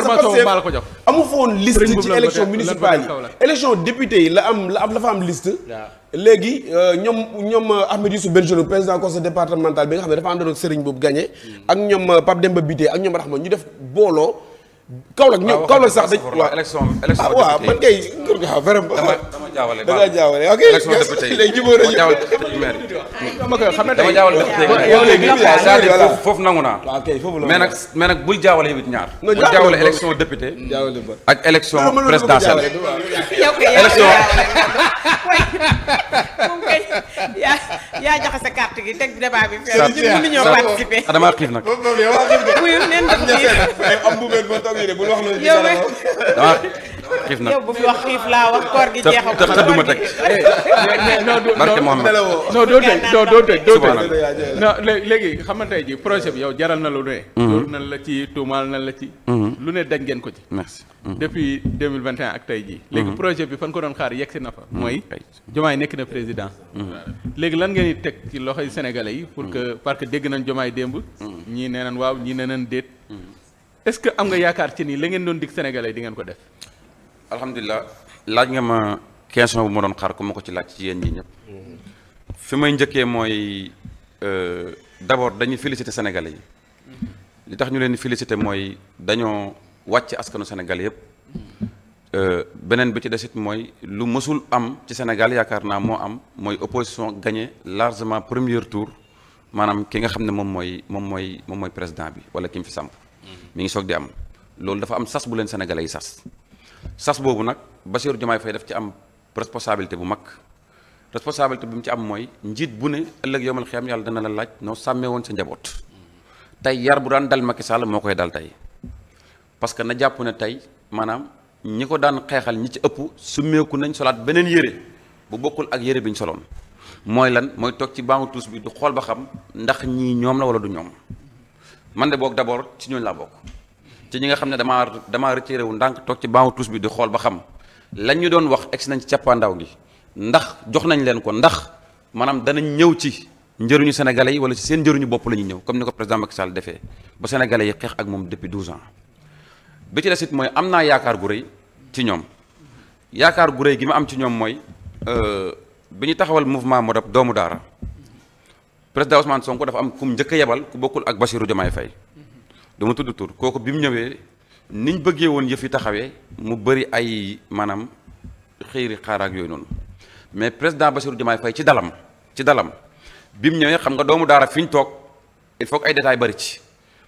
parce am la léegi euh, ñoom ñoom euh, Ahmed Youssou Benjelloun président conseil départemental bi nga xam ne dafa àndoon ak Serigne Boub gagné. Hmm. ak ñoom euh, Pape Demba Bité ak ñoom Rahma ñu def booloo. Kaolack ñoom ah, Kaolack sax dañ. waaw élection élection ah, waaw man kay. waaw vraiment. jaawale. da ngaa jaawale ok léegi jaawale député maire dama koy xam foofu nangu naa. waaw kay la mais nag mais nag bul jaawale yow it ñaar. bul jaawale élection député. jaawale ba ak élection ah, présidentielle. élection. yaa yaa jaxase carte gi teg débat bi. saa fi saa ñoo participer. Ah, damaa xiif nag. yow nen def bu xiif na yow bu fi wax xiif laa wax koor gi jeexam. te te du ma teg. Eh, eh, eh, barke Mohamed non doo tëj non doo tëj doo tëj non léegi xam nga tey jii projet bi yow jaral na lu ne. Mhm. nan la ci tuumaal nan la ci. Mhm. lu ne daj ngeen ko ci. merci mhm. depuis deux mille vingt et un ak tey jii. léegi projet bi fan ko doon xaar yegsi na fa. mooy Diomaye nekk na président. léegi lan ngeen di teg ci loxoy sénégalais yi. pour que parce que dégg nañ Diomaye démb. ñii nee nañ waaw ñii nee nañ déet. est-ce que am nga yaakaar ci ni la ngeen doon dig sénégalais di ngeen ko def alhamdulilah laaj nga ma question bu ma doon xaar ku ma ko ci laaj ci yéen ñi ñëpp fi may njëkkee mooy euh, d'abord dañuy féliciter sénégalais yi li tax ñu leen di féliciter mooy dañoo wàcc askanu Sénégal yëpp euh, beneen bi ci desit mooy lu mësul am ci Sénégal yaakaar naa moo am mooy opposition gagné largement première tour maanaam ki nga xam ne moom mooy moom mooy moom mooy président bi wala kim fi samp mu ngi soog di am loolu dafa am sas bu leen sénégalais sas sas boobu nag Bassirou Diomaye Faye def ci am responsabilité bu mag responsabilité bi mu ci am mooy njiit bu ne ëllëg yomal xiyam yàlla dana la laaj noo sàmmeewoon sa njaboot tey yar bu daan dal Macky Sall moo koy dal tey parce que na jàppu ne tey maanaam ñi ko daan xeexal ñi ci ëpp summeeku nañ solaat beneen yére bu bokkul ak yére bi ñu soloon mooy lan mooy toog ci bangu tuus bi du xool ba xam ndax ñii ñoom la wala du ñoom man de boog d'abord ci ñooñu laa bokk ci ñi nga xam ne damaa damaa retiré wu ndànk toog ci baamu tuus bi di xool ba xam lañ ñu doon wax egsi nañ ci cappaandaw gi ndax jox nañ leen ko ndax maanaam danañ ñëw ci njëriñu sénégalais yi wala ci seen njëriñu bopp la ñuy ñëw comme ni ko président Macky Sall defee ba sénégalais yi xeex ak moom depuis 12 ans bi ci desit mooy am naa yaakaar gu rëy ci ñoom yaakaar gu rëy gi ma am ci ñoom mooy euh, bi ñu taxawal mouvement Modap doomu daara président Ousmane Sonko dafa am kum njëkk yebal ku bokkul ak Bassirou Diomaye fay dama tudd tur kooku bi mu ñëwee niñ bëggee woon yëf yi taxawee mu bëri ay maanaam xiiri xaaraak yooyu noonu mais président Bassirou Diomaye Faye ci dalam ci dalam bi mu ñëwee xam nga doomu daara fi ñu toog il faut ay détails bëri ci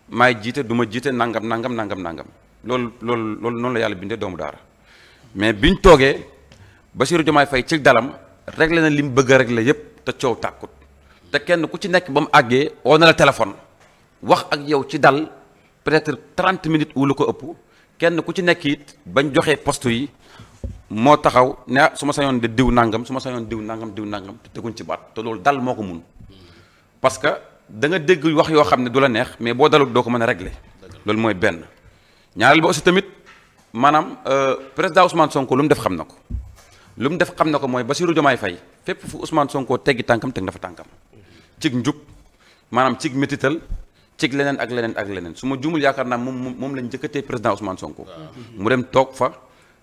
maay jiite du ma jiite nangam nangam nangam nangam loolu loolu loolu noonu la yàlla bindee doomu daara mais biñ toogee Bassirou Diomaye Faye ci dalam réglé na li mu bëgg a réglé yépp te coow tàkkut te kenn ku ci nekk ba mu àggee woo na la téléphone wax ak yow ci dal peut-être trente minutes wu lu ko ëpp kenn ku ci nekk it bañ joxee poste yi moo taxaw ne ah, su ma sañoon de diw nangam su ma sañoon diw nangam diw nangam te ci baat te loolu dal moo ko mun parce que da nga dégg wax yoo xam ne du la neex mais boo dalul doo ko mën a régler loolu mooy benn ñaareel ba tamit maanaam euh, président Ousmane Sonko lu mu def xam na ko lu mu def xam na ko mooy ba Bassirou Diomaye Faye fépp fu Ousmane Sonko teggi tànkam teg na tànkam cig njub maanaam cig métital ci leneen ak leneen ak leneen su ma juumul yaakaar naa moom moom lañ njëkkatee président Ousmane Sonko. mu dem toog fa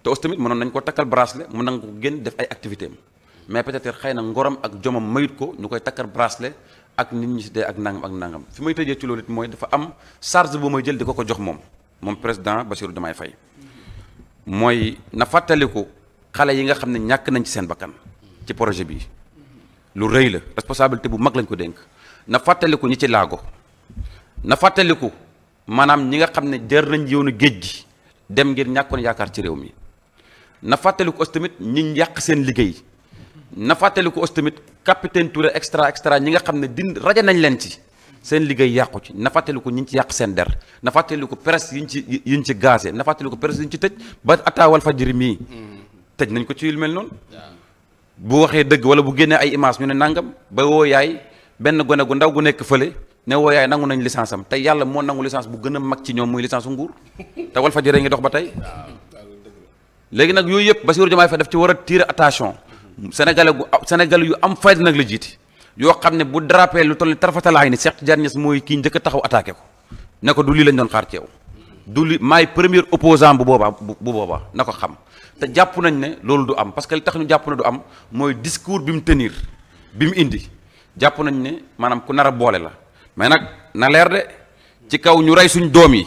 te aussi tamit mënoon nañ ko takkal bracelet mu nangu ko génn def ay activité am mais peut-être xëy na ngoram ak jomam mayut ko ñu koy takkal bracelet ak nit ñi si dee ak nangam ak nangam fi may tëjee ci loolu mooy dafa am charge bu may jël di ko ko jox moom moom président ba Bassirou Diomaye Faye mooy na fàttaliku xale yi nga xam ne ñàkk nañ ci seen bakkan ci projet bi lu rëy la responsabilité bu mag lañ ko dénk na fàttaliku ñi ci laago. na fàttaliku maanaam ñi nga xam ne jër nañ yoonu géej gi dem ngir ñàkkoon yaakaar ci réew mi na fàttaliku aussi tamit ñi yàq seen liggéey na fàttaliku aussi tamit capitaine Touré extra extra ñi nga xam ne din raja nañ leen ci seen liggéey yàqu ci na fàttaliku ñi ñu ci yàq seen der na fàttaliku presse yi ñu ci yi ci gaasé na fàttaliku presse yi ñu ci tëj ba ataawal fajiri mii tëj nañ ko ci lu mel noon bu waxee dëgg wala bu génnee ay image ñu ne nangam ba woo yaay benn gone gu ndaw gu nekk fële ne woo yaay nangu nañ licence am te yàlla moo nangu licence bu gën a mag ci ñoom muy licence nguur te Walfadjri ngi dox ba tey léegi nag yooyu yëpp Bassirou Diomaye fa daf ci war a tirer attention sénégalais bu sénégalais yu am fayda nag la jiiti yoo xam ne bu drapé lu toll ni tarfatalaay ni Cheikh Tidiane Niass mooy kii njëkk a taxaw attaqué ko ne ko du lii lañ doon xaar ci yow du li maay premier opposant bu boobaa bu boobaa na ko xam te jàpp nañ ne loolu du am parce que tax ñu jàpp na du am mooy discours bi mu tenir bi mu indi jàpp nañ ne maanaam ku nar a boole la mais nag na leer de ci kaw ñu rey suñ doom yi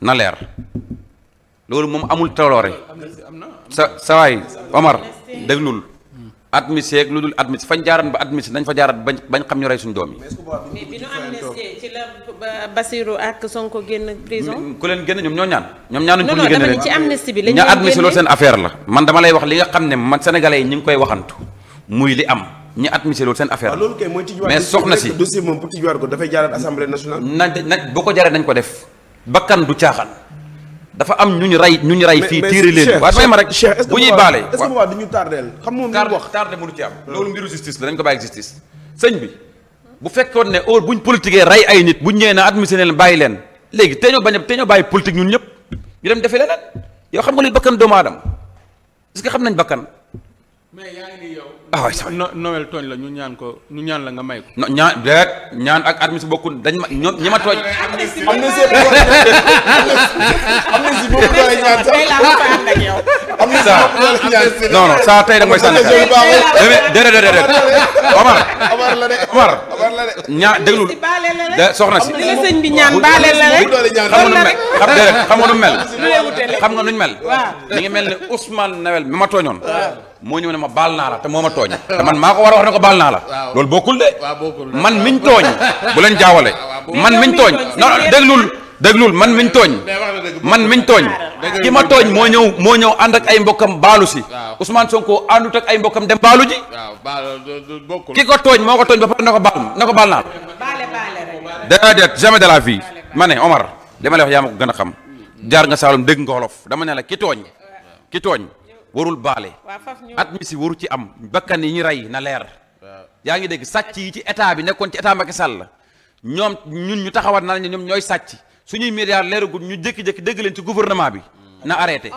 na leer loolu moom amul toloore sa sa waay Omar déglul admissé ak lu dul admissé fañ jaarat ba admissé nañ fa jaarat bañ bañ xam ñu rey suñu doom yi. mais bi ñu amnistie ci la Basirou ak Sonko génn prison. Mm, ku leen génn ñoom ñoo ñaan. ñoom ñaanuñ pour ñu génn leen ci amnistie bi loolu seen affaire la. man dama lay wax li nga xam ne man sénégalais yi ñu ngi koy waxantu muy li am. ñi admissé loolu seen affaire mais soxna si dossier moom pour tijjiwaat ko dafay jaaraat assemblée nationale. nañ nañ boo ko jaaree nañ ko def bakkan du caaxaan dafa am ñu ñu rey ñu ñu rey fii tiiri leen waaye may ma rek bu ñuy baale est-ce que boobaa duñu tardeel wax tardé mënu ci am ah. loolu mbiru justice la dañ ko bàyyi justice sëñ bi bu fekkoon ne heure buñ politiquee rey ay nit buñ ñëwee na admissé leen bàyyi leen léegi te ñoo bañ a te ñoo bàyyi politique ñun ñëpp ñu dem defee leneen yow xam nga luy bakkan doomu aadama est que xam nañ bakkan mais yaa ngi yow ah Noël tooñ la ñu ñaan ko ñu ñaan la nga may ñaan déet ñaan ak armis bokkul dañ ma ñoom ñi ma tooñ. am na si am na si bopp doole ñaan sax am na saa tey da nga koy sànni déedéet déedéet de soxna si. bi ñaan baale xam nga nuñ mel. ni Ousmane Nawel mi tooñoon. moo ñëw ne ma baal naa la mooma moo tooñ te man maa ko war a wax ne ko baal naa la loolu bokkul de man miñ tooñ bu leen jaawale man miñ tooñ non déglul déglul man miñ tooñ man miñ tooñ ki ma tooñ moo ñëw moo ñëw ànd ak ay mbokkam baalu si Ousmane Sonko àndut ak ay mbokkam dem baalu ji ki ko tooñ moo ko tooñ ba pare na ko baal na ko baal naa la de la vie ma ne Omar li ma lay wax yaa ko gën a xam jaar nga Saalum dégg nga Wolof dama ne la ki tooñ ki tooñ warul baale at mi si waru ci am bakkan yi ñu rey na leer yaa ngi dégg sàcc yi ci état bi nekkoon ci état Macky Sall ñoom ñun ñu taxawat na ñu ñoom ñooy sàcc suñuy milliards leeragul ñu jékki-jékki dégg leen ci gouvernement bi mm. na arrêté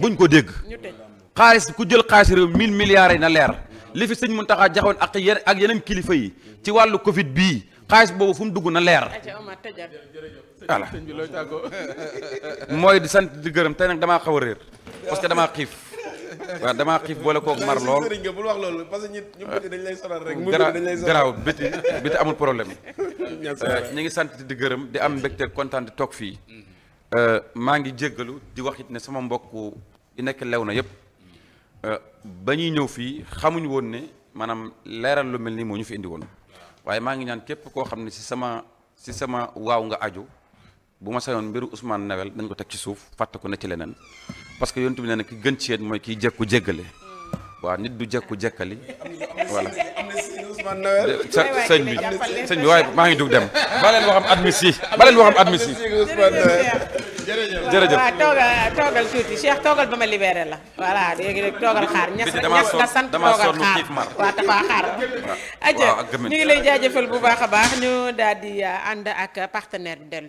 buñ ko dégg xaalis ku jël xaalis réew mille milliards yi na leer li fi sëñ Mountakha jaxoon ak yen ak yeneen kilifa yi ci wàllu Covid bi xaalis boobu fu mu dugg na leer voilà mooy di sant di gërëm tey nag damaa xaw a réer waaw damaa xiif boole koog mar lool bul wax loolu parce que ñu bëti dañ lay sonal rek garaaw bëti bëti amul problème euh, ñu ngi sant di gërëm di am mbégte kontaan di toog fii mm-hmm. euh, maa ngi jéggalu di wax it ne sama mbokk yi nekk lew na yëpp euh, ba ñuy ñëw fii xamuñ woon ne maanaam leeral lu mel nii moo ñu fi indi woon waaye maa ngi ñaan képp koo xam ne si sama si sama waaw nga aju bu ma sañoon mbiru Ousmane Nawel dañ ko teg ci suuf fàtte ko na ci leneen parce que yonent bi nee ki gën ci yéen mooy kiy jekku jéggale waaw nit du jekku jekkali voilà sëñ bi waaye maa ngi dug dem ba waxam admis yi ba waxam admis yi jërëjëf waaw toogal tuuti Cheikh toogal ba ma libéré la voilà léegi rek xaar ñas ñas nga xaar waa dafa xaar aja ñu ngi lay jaajëfal bu baax a baax ñu daal di uh, ànd ak partenaire bi dellu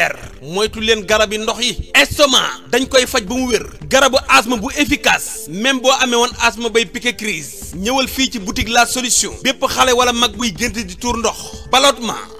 secondaire moytu leen garab yi ndox yi estomac dañ koy faj ba mu wér garabu asthme bu efficace même boo amee woon asma bay piqué crise ñëwal fii ci boutique la solution bépp xale wala mag buy gént di tuur ndox ballottement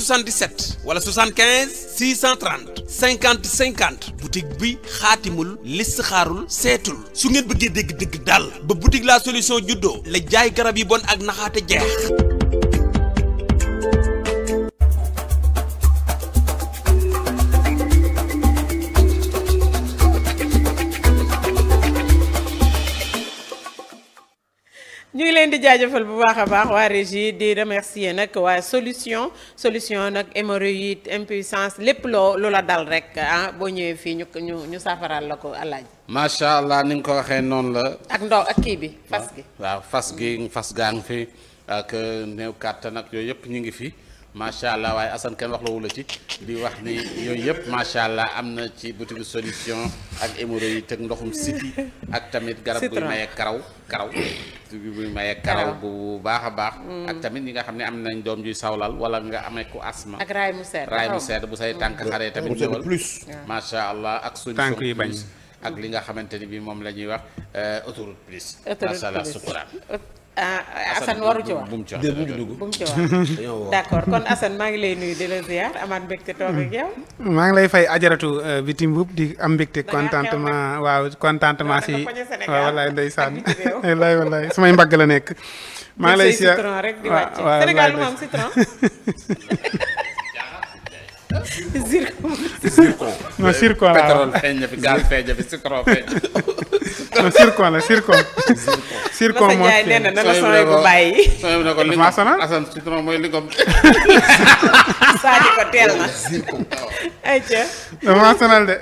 77 wala 75 630 50 50 boutique bi xaatimul listixaarul seetul su ngeen bëggee dégg dëgg daal ba boutique la solution juddoo la jaay garab yi bon ak naxaate jeex. ñu ngi leen di jaajëfal bu baax a baax waa régie di remercier nag waa solution solution nag hémorroïde impuissance lépp loo loo la dal rek ah boo ñëwee fii ñu ñu ñu saafaraal la ko alaaj macha allah ni nga ko waxee noonu la. ak ndox ak kii bi fas gi. waaw fas gi fas gaa ngi fi ak néew kàttan ak yooyu yëpp ñu ngi fii macha allah waaye Assane kenn wax la wula ci di wax ni yooyu yëpp macha allah am na ci boutique solution ak yi teg ndoxum siti ak tamit garab buy maye karaw karaw buy maye bu baax a baax mm. ak tamit ñi nga xam ne am nañ doom juy sawlal wala nga amee ku asma ak raay mu sedd raay mu sedd bu say mm. tànk xaree tamit ñëwal plus macha allah ak suñu tànk yi ak li nga xamante ni bi moom la ñuy wax euh, autoroute plus macha allah sukuraan Assane waru ci wax bu mu ci wax bu d'accord kon Assane maa ngi lay nuyu di amaat mbégte toog ak yow. Mm. maa ngi lay fay ajaratu euh, biti mbub di am mbégte contentement waaw contentement si waaw wallaay ndeysaan wallaay wallaay sumay mbagg la nekk. maa ngi lay ziar rek Sénégal lu mu am citron zircon. zircon non zircon la pétrole feeñ na fi gaz feeñ na fi sucre moo fi nee na la sooy bu bàyyi. dama sonal de.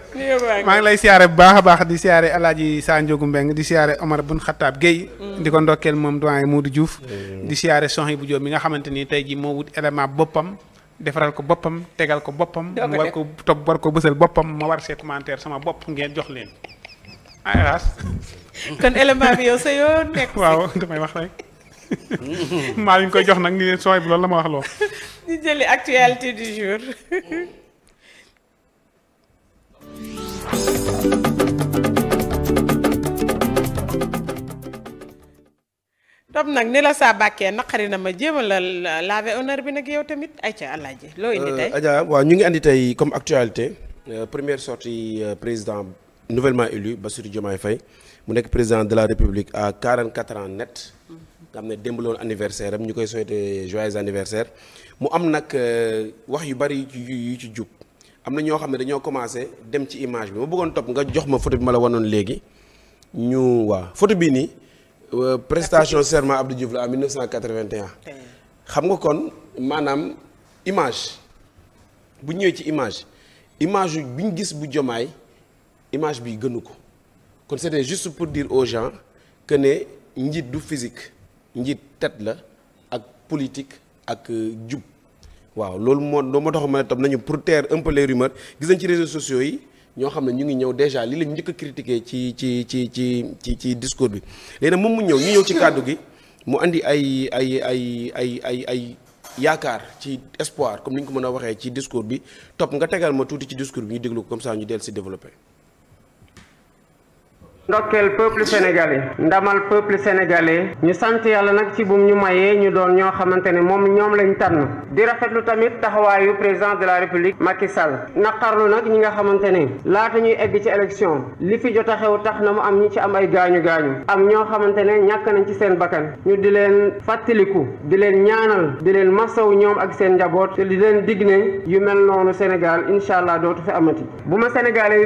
maa ngi lay siyaare bu baax baax di siyaare El Hadj Sa Ndiogou Mbeng di siyaare Omar Bun Xataab Guèye. Mm. di ko ndokkeel moom doyen Modou Diouf. Mm. di siyaare Soxna bu Diop mi nga xamante ni tey jii moo wut élément boppam. defaral ko boppam tegal ko boppam. mu war ko topp war ko bësal boppam ma war see commentaire sama bopp ngeen jox leen. ah kon élément bi yow sa yoon nekk. waaw damay wax rek. maa ngi koy jox nag ni leen sooy bu loolu la ma wax loo. ñu jëli actualité du jour. tam nag ni la saa bàkkee naqari na ma jéem la laave honneur bi nag yow tamit ay ca alaaji loo indi tey. Euh, Adja waaw ñu ngi andi tey comme actualité euh, première sortie euh, président nouvellement élu Bassirou Diomaye Faye mu nekk président de la République à 44 ans net. nga xam ne démb loon anniversaire am ñu koy souhaité joyeux anniversaire mu am nag wax yu bari yu ci jub am na ñoo xam ne dañoo commencé dem ci image bi ma bëggoon topp nga jox ma photo bi ma wanoon léegi ñu waa photo bii nii. Euh, prestation serment Abdou Diouf la en xam nga kon maanaam image bu ñëwee ci image image biñ gis bu jomaay image bi gënu ko kon c'était juste pour dire aux gens que ne njiit du physique njiit tet la ak politique ak euh, jub waaw loolu moo moo tax ma ne tam nañu pour taire un peu les nañ ci réseaux sociaux yi. ñoo xam ne ñu ngi ñëw déjà li lañ njëkk a critiqué ci ci ci ci ci ci discours bi léegi nag moom mu ñëw ñu ñëw ci kàddu gi mu indi ay ay ay ay ay ay yaakaar ci espoir comme ni ñu ko mën a waxee ci discours bi topp nga tegal ma tuuti ci discours bi ñu déglu ko comme ça ñu dellu si développé ndokkeel peuple sénégalais ndamal peuple sénégalais ñu sant yàlla nag ci bum ñu mayee ñu doon ñoo xamante ne moom ñoom lañ tànn di rafetlu tamit taxawaayu président de la république Macky Sall naqarlu nag ñi nga xamante ne laata ñuy egg ci élection li fi jot a xew tax na mu am ñi ci am ay gaañu gaañu am ñoo xamante ne ñàkk nañ ci seen bakkan ñu di leen fàttaliku di leen ñaanal di leen masaw ñoom ak seen njaboot te di leen digg ne yu mel noonu Sénégal incha allah dootu fi amati bu ma sénégalais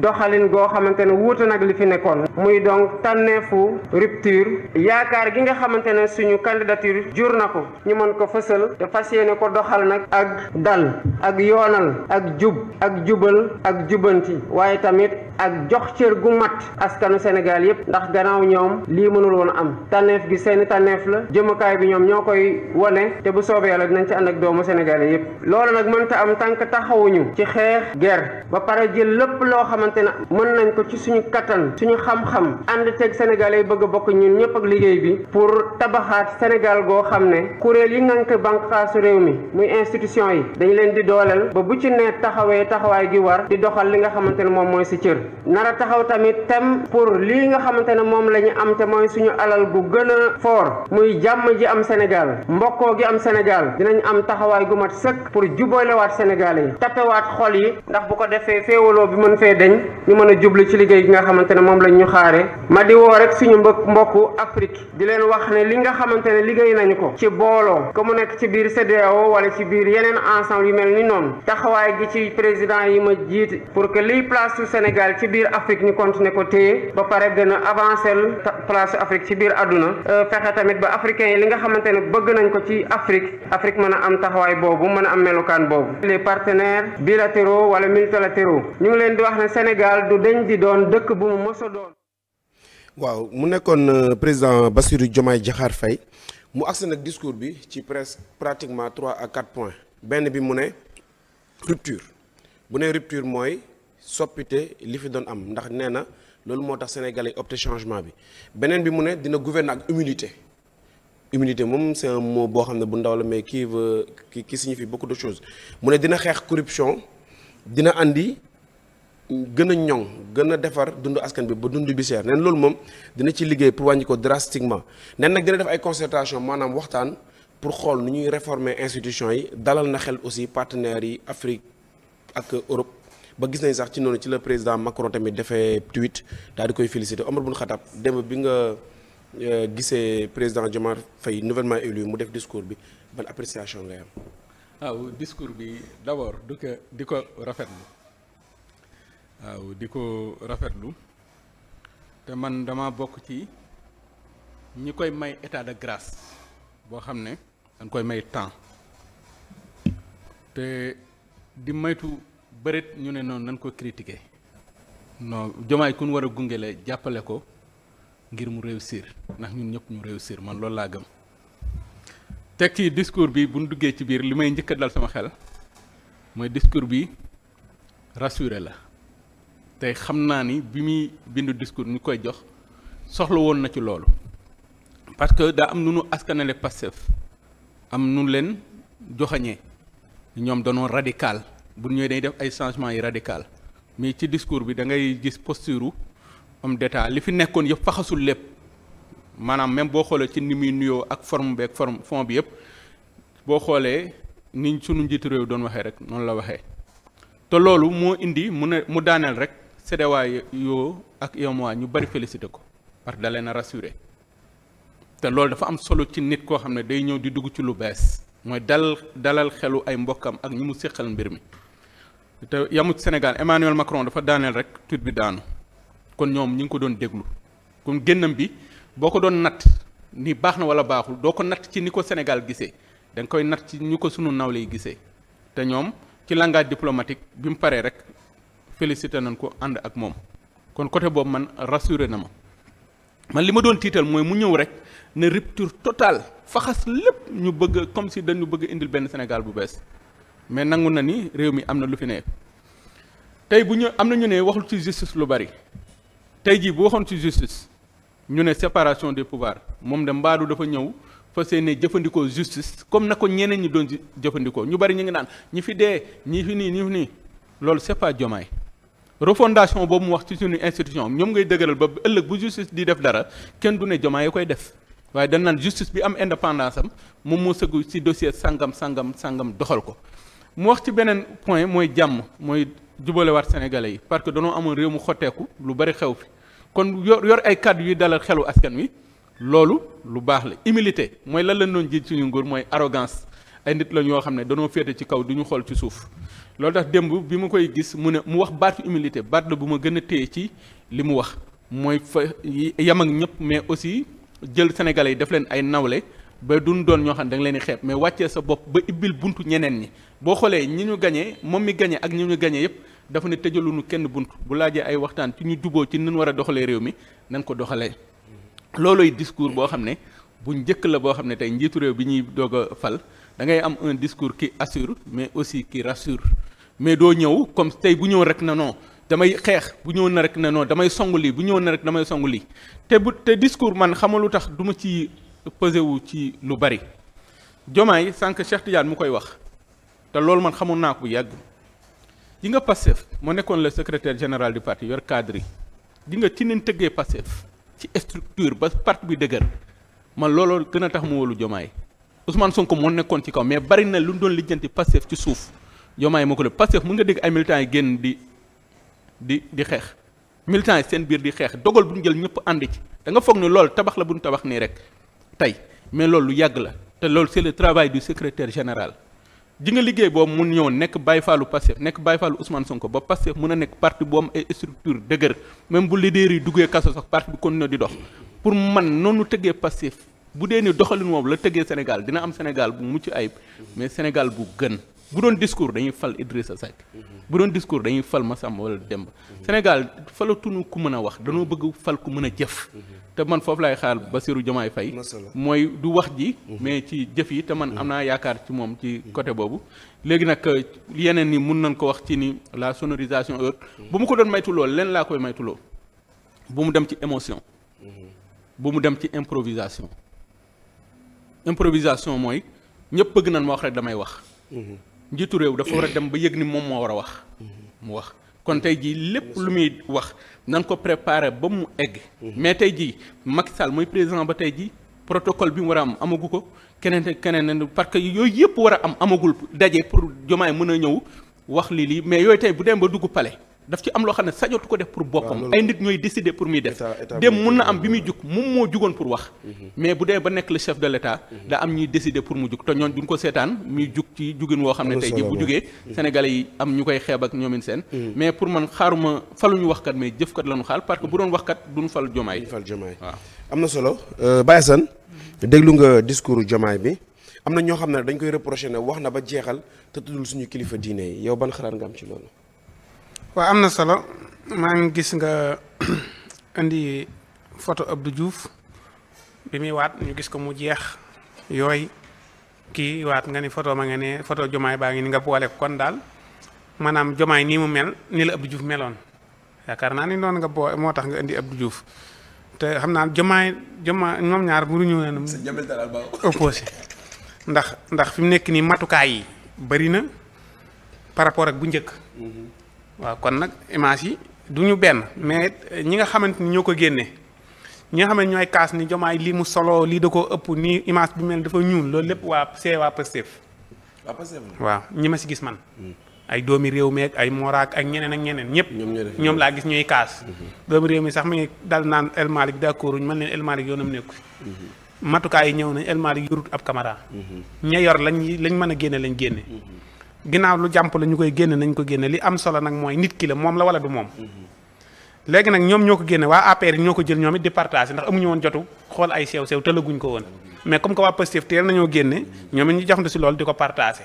doxalin goo xamante ne wuute nag li fi nekkoon muy donc tànneefu rupture yaakaar gi nga xamante ne suñu candidature jur na ko ñu mën ko fësal te fas yéene ko doxal nag ak dal ak yoonal ak jub ak jubal ak jubanti waaye tamit ak jox cër gu mat askanu Sénégal yépp ndax gannaaw ñoom lii mënul woon am tànneef gi seeni tànneef la jëmukaay bi ñoom ñoo koy wone te bu soobee yàlla dinañ ci ànd ak doomu Sénégalais yépp loolu nag mënta am tànk taxawuñu ci xeex ger ba pare jël lépp loo xamante ne mën nañ ko ci suñu kattan suñu xam-xam ànd teeg Sénégalais yi bëgg a bokk ñun ñëpp ak liggéey bi pour tabaxaat Sénégal goo xam ne kuréel yi ngànk bànqaasu réew mi muy institution yi dañu leen di dooleel ba bu ci ne taxawee taxawaay gi war di doxal li xamante ne moom mooy si nar a taxaw tamit tem pour lii nga xamante ne moom la ñu am te mooy suñu alal gu gën a muy jàmm ji am Sénégal mbokkoo gi am Sénégal dinañ am taxawaay gu mat sëkk pour jubalewaat Sénégal yi tapewaat xol yi ndax bu ko defee féewaloo bi mën fee deñ ñu mën a jublu ci liggéey gi nga xamante ne moom lañ ñu xaare ma di rek suñu mbokk mbokku Afrique di leen wax ne li nga xamante ne liggéey nañu ko ci booloo ko mu nekk ci biir CEDEAO wala ci biir yeneen ensemble yu mel ni noonu ci biir Afrique ñu continuer ko té ba pare gën a avancer place Afrique ci biir àdduna euh, fexe tamit ba africains yi li nga xamante ne bëgg nañ ko ci Afrique Afrique mën a am taxawaay boobu mën a am melukaan boobu les partenaires bilatéraux wala multilatéraux ñu ngi leen di wax ne Sénégal du deñ di doon dëkk bu mu mës a doon waaw mu nekkoon euh, président Bassirou Diomaye Diakhar Faye mu agsi nag discours bi ci presque pratiquement trois à quatre points benn bi mu ne rupture mooy soppite li fi doon am ndax nee na loolu moo tax sénégalais yi changement bi beneen bi mu ne dina gouverner ak humilité humilité moom c'est un boo xam ne bu ndaw la mais qui veut qui qui signifie beaucoup de choses mu ne dina xeex corruption dina andi gën a ñoŋ gën a defar dund askan bi ba dund bi seer neen loolu moom dina ci liggéey pour wàññi ko drastiquement neen nag dina def ay concertation maanaam waxtaan pour xool nu ñuy réformer institution yi dalal na xel aussi partenaires yi Afrique ak Europe ba gis nañ sax ci noonu ci la président Macron tamit defee tweet daal di koy félicité Omar Boun Khattab démb bi nga euh, gisee président Diomaye Faye nouvellement élu mu def discours bi ban appréciation ngay am. waaw discours bi d'abord du ko di ko rafetlu waaw di ko rafetlu te man dama bokk ci ñi koy may état de grâce boo xam ne dañ koy may temps te di maytu. bërit ñu ne noonu nañ ko critiquer non jomaay ku ñu war a gunge la jàppale ko ngir mu réussir ndax ñu ñëpp ñu réussir man loolu laa gëm. teg ci discours bi bu ñu duggee ci biir li may njëkk a dal sama xel mooy discours bi rassuré la tey xam naa ni bi muy bindu discours ñu koy jox soxla woon na ci loolu parce que daa am nu nu askanale Pastef am nu leen joxañee ñoom danoo radical. bu ñëwee day def ay changements yi radical mais ci discours bi da ngay gis posture homme d'état li fi nekkoon yëpp faxasul lépp maanaam même boo xoolee ci ni muy nuyoo ak forme beeg forme fond bi yëpp boo xoolee ni sunu njiitu réew doon waxee rek noonu la waxee te loolu moo indi mu ne mu daaneel rek CEDEAO yoo ak UEMOA ñu bari félicité ko parce que da leen a rassuré te loolu dafa am solo ci nit koo xam ne day ñëw di dugg ci lu bees mooy dal dalal xelu ay mbokkam ak ñu mu séqal mbir mi te yamut Sénégal Emmanuel Macron dafa daaneel rek tuut bi daanu kon ñoom ñu ngi ko doon déglu kon génnam bi boo ko doon natt ni baax na wala baaxul doo ko natt ci ni ko Sénégal gisee da koy nat ci ñu ko sunu nawle yi gisee te ñoom ci langage diplomatique bi mu paree rek félicité nañ ko ànd ak moom kon côté boobu man rassuré na ma man li ma doon tiital mooy mu ñëw rek ne rupture total faxas lépp ñu bëgg comme si dañu bëgg indil benn Sénégal bu bees mais nangu na ni réew mi am na lu fi nekk tey bu ñu am na ñu ne waxul ci justice lu bari tey jii bu waxoon ci justice ñu ne séparation de pouvoirs moom de mbaadu dafa ñëw fas yéene jëfandikoo justice comme na ko ñeneen ñi doon jëfandikoo ñu bari ñu ngi naan ñi fi dee ñi fi nii ñi nii loolu c'est pas Diomaye refondation boobu mu wax ci suñu institution ñoom ngay dëgëral ba ëllëg bu justice di def dara kenn du ne Diomaye koy def waaye dañ naan justice bi am indépendance am moom moo sëggu ci dossier sangam sangam sangam doxal ko mu wax ci beneen point mooy jàmm mooy jubalewaat sénégalais yi parce que danoo amoon réew mu xotteeku lu bari xew fi kon yor yor ay kàddu yuy dalal xelu askan wi loolu lu baax la humilité mooy lan lañ doon jiiñ suñu nguur mooy arrogance ay nit lañ yoo xam ne danoo féete ci kaw du ñu xool ci suuf loolu tax démb bi ma koy gis mu ne mu wax baatu humilité baat la bu ma gën a téye ci li mu wax mooy fa yam ak ñëpp mais aussi jël sénégalais yi def leen ay nawle ba duñ doon ñoo xam ne da nga leen di xeeb mais wàccee sa bopp ba ibbil buntu ñeneen ñi boo xoolee ñi ñu gañee moom mi gañee ak ñi ñu gañee yépp dafa ne tëjaluñu kenn buntu bu laajee ay waxtaan ci ñu juboo ci nun war a doxalee réew mi nañ ko doxalee looloy discours boo xam ne bu njëkk la boo xam ne tey njiitu réew bi ñuy doog fal da ngay am un discours qui assure mais aussi qui rassure mais doo ñëw comme tey bu ñëw rek na non damay xeex bu ñëw rek na noo damay songu lii bu ñëw na rek damay songu lii te bu te discours man xamalu tax du ma ci pesé wu ci lu bari Jomaay sànq Cheikh Tidiane mu koy wax te loolu man xamoon naa ko bu yàgg yi nga Pastef moo nekkoon le secrétaire général du parti yor cadre yi di nga ci nen tëggee Pastef ci structure ba parti bi dëgër man looloo gën a tax mu wóolu Jomaay Ousmane Sonko moo nekkoon ci kaw mais bari na lu doon lijjanti Pastef ci suuf Jomaay moo ko lépp Pastef mun nga dégg ay militants yi génn di di di xeex militants yi seen biir di xeex dogal bu ñu jël ñëpp ànd ci da nga foog ni loolu tabax la bu tabax nii rek. tey mais loolu lu yàgg la te loolu c'est le travail du secrétaire général ji nga liggéey boobu mun ñëw nekk Baye Fallou Pastef nekk bay Fallou Ousmane Sonko ba Pastef mun a nekk parti bu am ay structure dëgër même bu leader duggee kaso sax parti bi continuer di dox pour man noonu tëggee Pastef bu dee ni doxalin moom la tëggee Sénégal dina am Sénégal bu mucc ayib mais Sénégal bu gën bu doon discours dañuy fal Idrissa Seck bu doon discours dañuy fal Massamba wala Demba Sénégal falatunu ku mën a wax dañoo bëgg fal ku mën a te man foofu laay xaar ba Bassirou Diomaye Faye mooy du wax ji mhm. mais ci jëf yi te man am mhm. naa yaakaar ci moom ci mhm. côté boobu léegi nag euh, yeneen ni mun nañ ko wax ci ni la sonorisation heure bu mu ko doon maytuloo leen laa koy maytuloo bu mu dem ci émotion bu mu dem ci improvisation improvisation mooy ñëpp bëgg nañ ma wax rek damay wax njiitu réew dafa war a dem ba yëg ni moom moo war a wax mu wax kon tey jii lépp lu muy wax nan ko préparer ba mu egg. Mhm. mais tey jii Macky Sall mooy président ba tey jii protocole bi mu war a am amagu ko keneen ak keneen parce que yooyu yëpp war a am amagul daje pour jomaay mën a ñëw wax lii lii mais yooyu tey bu dem ba dugg pale daf ci am loo xam ne sañatu ko def pour boppam ay nit ñooy décider pour muy def dem mun na am bi muy jug moom moo jugoon pour wax mhm. mais bu dee ba nekk le chef de mhm. da am ñuy décider pour mu jug te ñoon duñ ko seetaan muy jug ci jugin woo xam ne tey ji bu jugee mhm. am ñu koy xeeb ak ñoomin seen mais pour man xaaruma falu ñu faluñu waxkat mais jëfkat la ñu xaal parce que bu doon du duñ fal jomaay waaw am na solo euh, Baye déglu nga discours jomaay bi am na ñoo xam ne dañ koy reproché ne wax na ba jeexal te tuddul suñu kilifa diine yow ban xalaat nga am ci loolu waa am na solo maa ngi gis nga indi photo Abdou juuf bi muy waat ñu gis ko mu jeex yooy kii waat nga ni photo ma nga ne photo jomaay baa ngi ni nga boole kon daal maanaam jomaay nii mu mel ni la Abdou Diouf meloon yaakaar naa ni noonu nga moo tax nga indi Abdou Diouf te xam naa jomaay jomaay ñoom ñaar mënuñu leen. sëñ Jabil dalal ba ndax ndax fi mu nekk nii matukaay yi bëri na par rapport ak bu njëkk. Mhm. waaw kon nag image yi du ñu benn mais ñi nga xamante ni ñoo ko génne ñi nga xamante ñooy kaas ni jomaay lii mu solo lii da koo ëpp nii image bi mel ni dafa ñuul loolu lépp waa see waa Pastef waaw ñi ma si gis man hmm. ay doomi réew meeg ay moraak ak ñeneen ak ñeneen ñëpp ñoom laa gis ñooy kaas hmm. doomi réew mi sax mu ngi dal naan El Malick d'accord ñu mën leen El Malick yoonam nekku hmm. matukaay yi ñëw nañ El Malick yorut ab caméra ña yor lañ lañ mën a génne lañ génne ginnaaw lu jàmp la ñu koy génne nañ ko génne li am solo nag mooy nit ki la moom la wala du moom. léegi nag ñoom ñoo ko génne waa APR ñoo ko jël ñoom it di partage ndax amuñu woon jotu xool ay sew sew ko woon mais comme que waa Pastef teel nañoo génne ñoom it ñu loolu di ko partagé.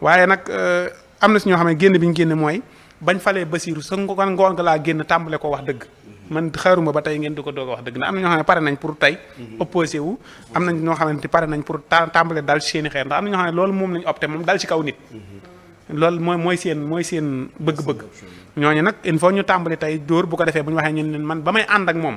waaye nag euh, am na si ñoo xam ne génn bi ñu génne mooy bañ falee Basiru sa ngoon ngoon nga laa génn tàmbale ko wax dëgg. man xaaruma ba tey ngeen di ko doog wax dëgg na am na ñoo xam ne pare nañ pour nañ ñoo xamante pare nañ pour tàmbale dal seeni xeer ndax am na ñoo xam ne moom lañ opté moom dal ci kaw nit loolu mooy mooy seen mooy seen bëgg-bëgg ñooñu nag il faut ñu tàmbali tey dóor bu ko defee bu ñu waxee ñun man ba may ànd ak moom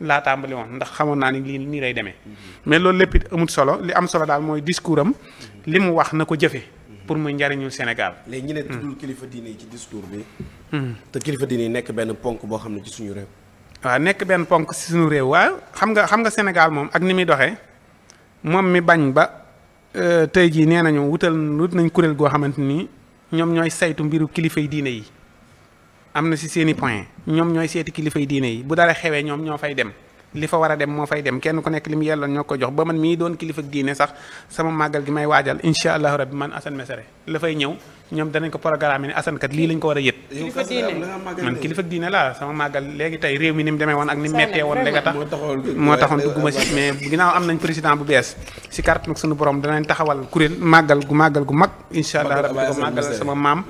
laa tàmbali woon ndax xamoon naa ni lii nii lay demee mm-hmm. mais loolu lépp it amut solo li am solo daal mooy discours am mm-hmm. li mu wax na ko jëfe pour mu njariñu Sénégal. léegi ñu mm. kilifa diine yi ci discours bi. Mm. te kilifa diine yi nekk benn ponk boo xam ne ci suñu réew. waaw nekk benn ponk ci suñu réew waaw xam nga xam nga Sénégal moom ak ni muy doxee moom mi bañ ba euh, tey jii nee nañu wutal wut nañ kuréel goo xamante ni ñoom ñooy saytu mbiru kilifa yi diine yi am na si seeni point ñoom ñooy seeti yi diine yi bu dara xewee ñoom ñoo fay dem li fa war a dem moo fay dem kenn ku nekk lim mu yelloon ñoo ko jox ba man mii doon kilifa diine sax sama màggal gi may waajal incha allahu rabbi man Assane Mesere la fay ñëw ñoom danañ ko programme ni asan kat lii lañ ko war a yët man kilifa diine la sama màggal léegi tey réew mi ni mu demee woon ak ni mu mettee woon léegi tax moo taxoon dugguma si mais ginnaaw am nañ président bu bees si carte nag suñu borom danañ taxawal kuréel màggal gu màggal gu mag incha allah rabbi sama maam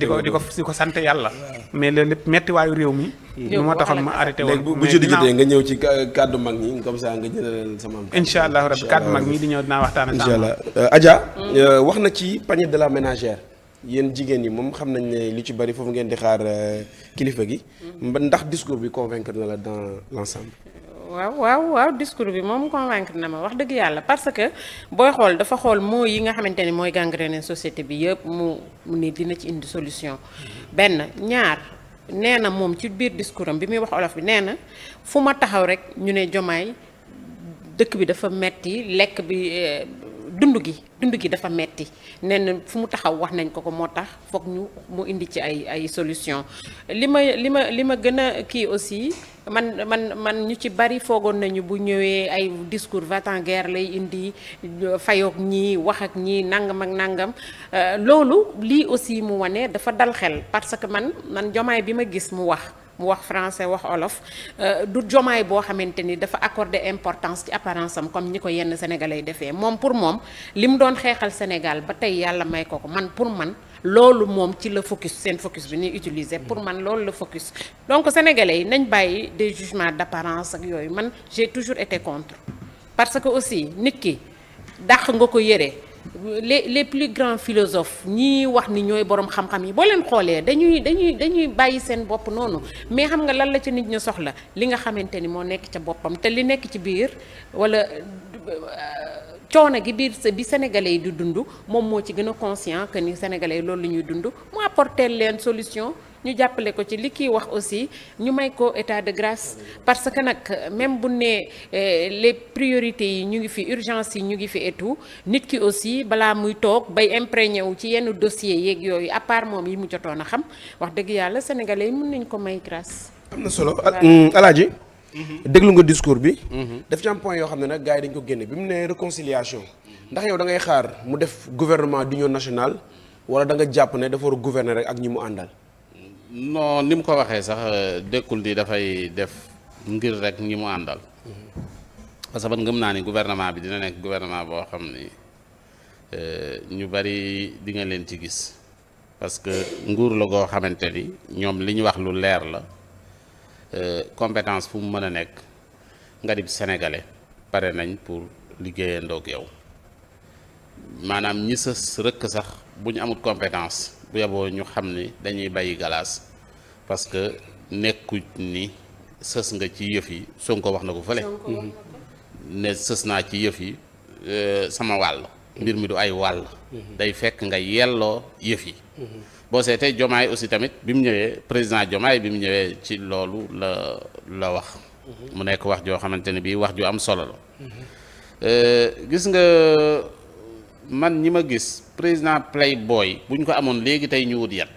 di di ko ko sant yàlla mais loolu lépp metti waayu réew mi lu moo taxoon ma arrêté woon léegi bu juddi jotee nga ñëw ci kàddu mag ñi comme sama incha allah rabbi kàddu mag mii di ñëw dinaa waxtaan ak incha allah euh, Adja euh, wax na ci panier de la ménagère yéen jigéen ñi moom xam nañ ne li ci bari foofu ngeen di xaar euh, kilifa gi. Mm-hmm. ndax discours bi convaincre na la dans l'ensemble. waaw waaw waaw discours bi moom convaincre na ma wax dëgg yàlla parce que booy xool dafa xool moo yi nga xamante ni mooy gangrène société bi yëpp mu ni dina ci indi solution. Mm-hmm. benn ñaar nee na moom ci biir discours bi muy wax olof bi nee na fu ma taxaw rek ñu ne jomaay dëkk bi dafa metti lekk bi. Euh, dundu gi dundu gi dafa metti nee na fu mu taxaw wax nañ ko ko moo tax foog ñu mu indi ci ay ay solution li ma li ma li ma gën a kii aussi man man man ñu ci bari foogoon nañu bu ñëwee ay discours va t lay indi fayoog ñii wax ak ñii nangam ak nangam euh, loolu lii aussi mu wane dafa dal xel parce que man man jomaay bi ma gis mu wax mu wax français wax olof euh, du jomaay boo xamante ni dafa accorder importance ci apparence am comme ñi ko yenn sénégalais defee moom pour moom li mu doon xeexal Sénégal ba tey yàlla may ko ko man pour man loolu moom ci la focus seen focus bi ñuy utiliser pour man loolu la focus donc sénégalais yi nañ bàyyi des jugements d'apparence ak yooyu man j'ai toujours été contre parce que aussi nit ki dàq nga ko yëree le le plus grands philosophes ñi wax ni ñooy borom xam-xam yi boo leen xoolee dañuy dañuy dañuy bàyyi seen bopp noonu mais xam nga lan la ci nit ña soxla li nga xamante ni moo nekk ca boppam te li nekk ci biir walla euh, coono gi biir bi sénégalais yi di dund moom moo ci gën a conscient que ni sénégalais yi loolu la ñuy dund mu apporter leen solution. ñu jàppale ko ci li kiy wax aussi ñu may ko état de grâce parce que nag même bu ne eh, les priorités yi ñu ngi fi urgence yi ñu ngi fi et tout nit ki aussi balaa muy toog bay imprégné wu ci yenn dossiers yeeg yooyu à part moom yi mu jotoon a xam wax dëgg yàlla sénégalais mun mën nañ ko may grâce. am na solo mm, alaaji mhm. déglu nga discours bi. Mhm. daf ci yoo xam ne nag gars yi dañu ko génne bi mu nee réconciliation. ndax yow da ngay xaar mu def gouvernement d'union nationale wala da nga jàpp ne dafa war a ak ñi mu àndal. non ni mu ko waxee sax euh, dëkkul di dafay def ngir rek ngi mu àndal. Mhm. parce que man naa ni gouvernement bi dina nekk gouvernement boo xam ni euh, ñu bari di leen ci gis parce que nguur la goo xamante ni ñoom li ñu wax lu leer la euh, compétence fu mu mën a nekk nga dib sénégalais pare nañ pour liggéeyandoog yow maanaam ñi sës rëkk sax bu ñu amut compétence. bu yaboo ñu xam ni dañuy bàyyi galaas parce que nekkuñ ni sës nga ci yëf yi Sonko wax na ko fële ne sës naa ci yëf yi euh, sama wàll mbir mi du ay wàll mhm. day fekk nga yelloo yëf yi mhm. boo seetee Jomaay aussi tamit bi mu ñëwee président Jomaay bi mu ñëwee ci loolu la la wax mhm. mu nekk wax joo xamante ne bii wax ju am solo la euh, gis nga man ñi ma gis président booy bu ñu ko amoon léegi tey ñu wut yat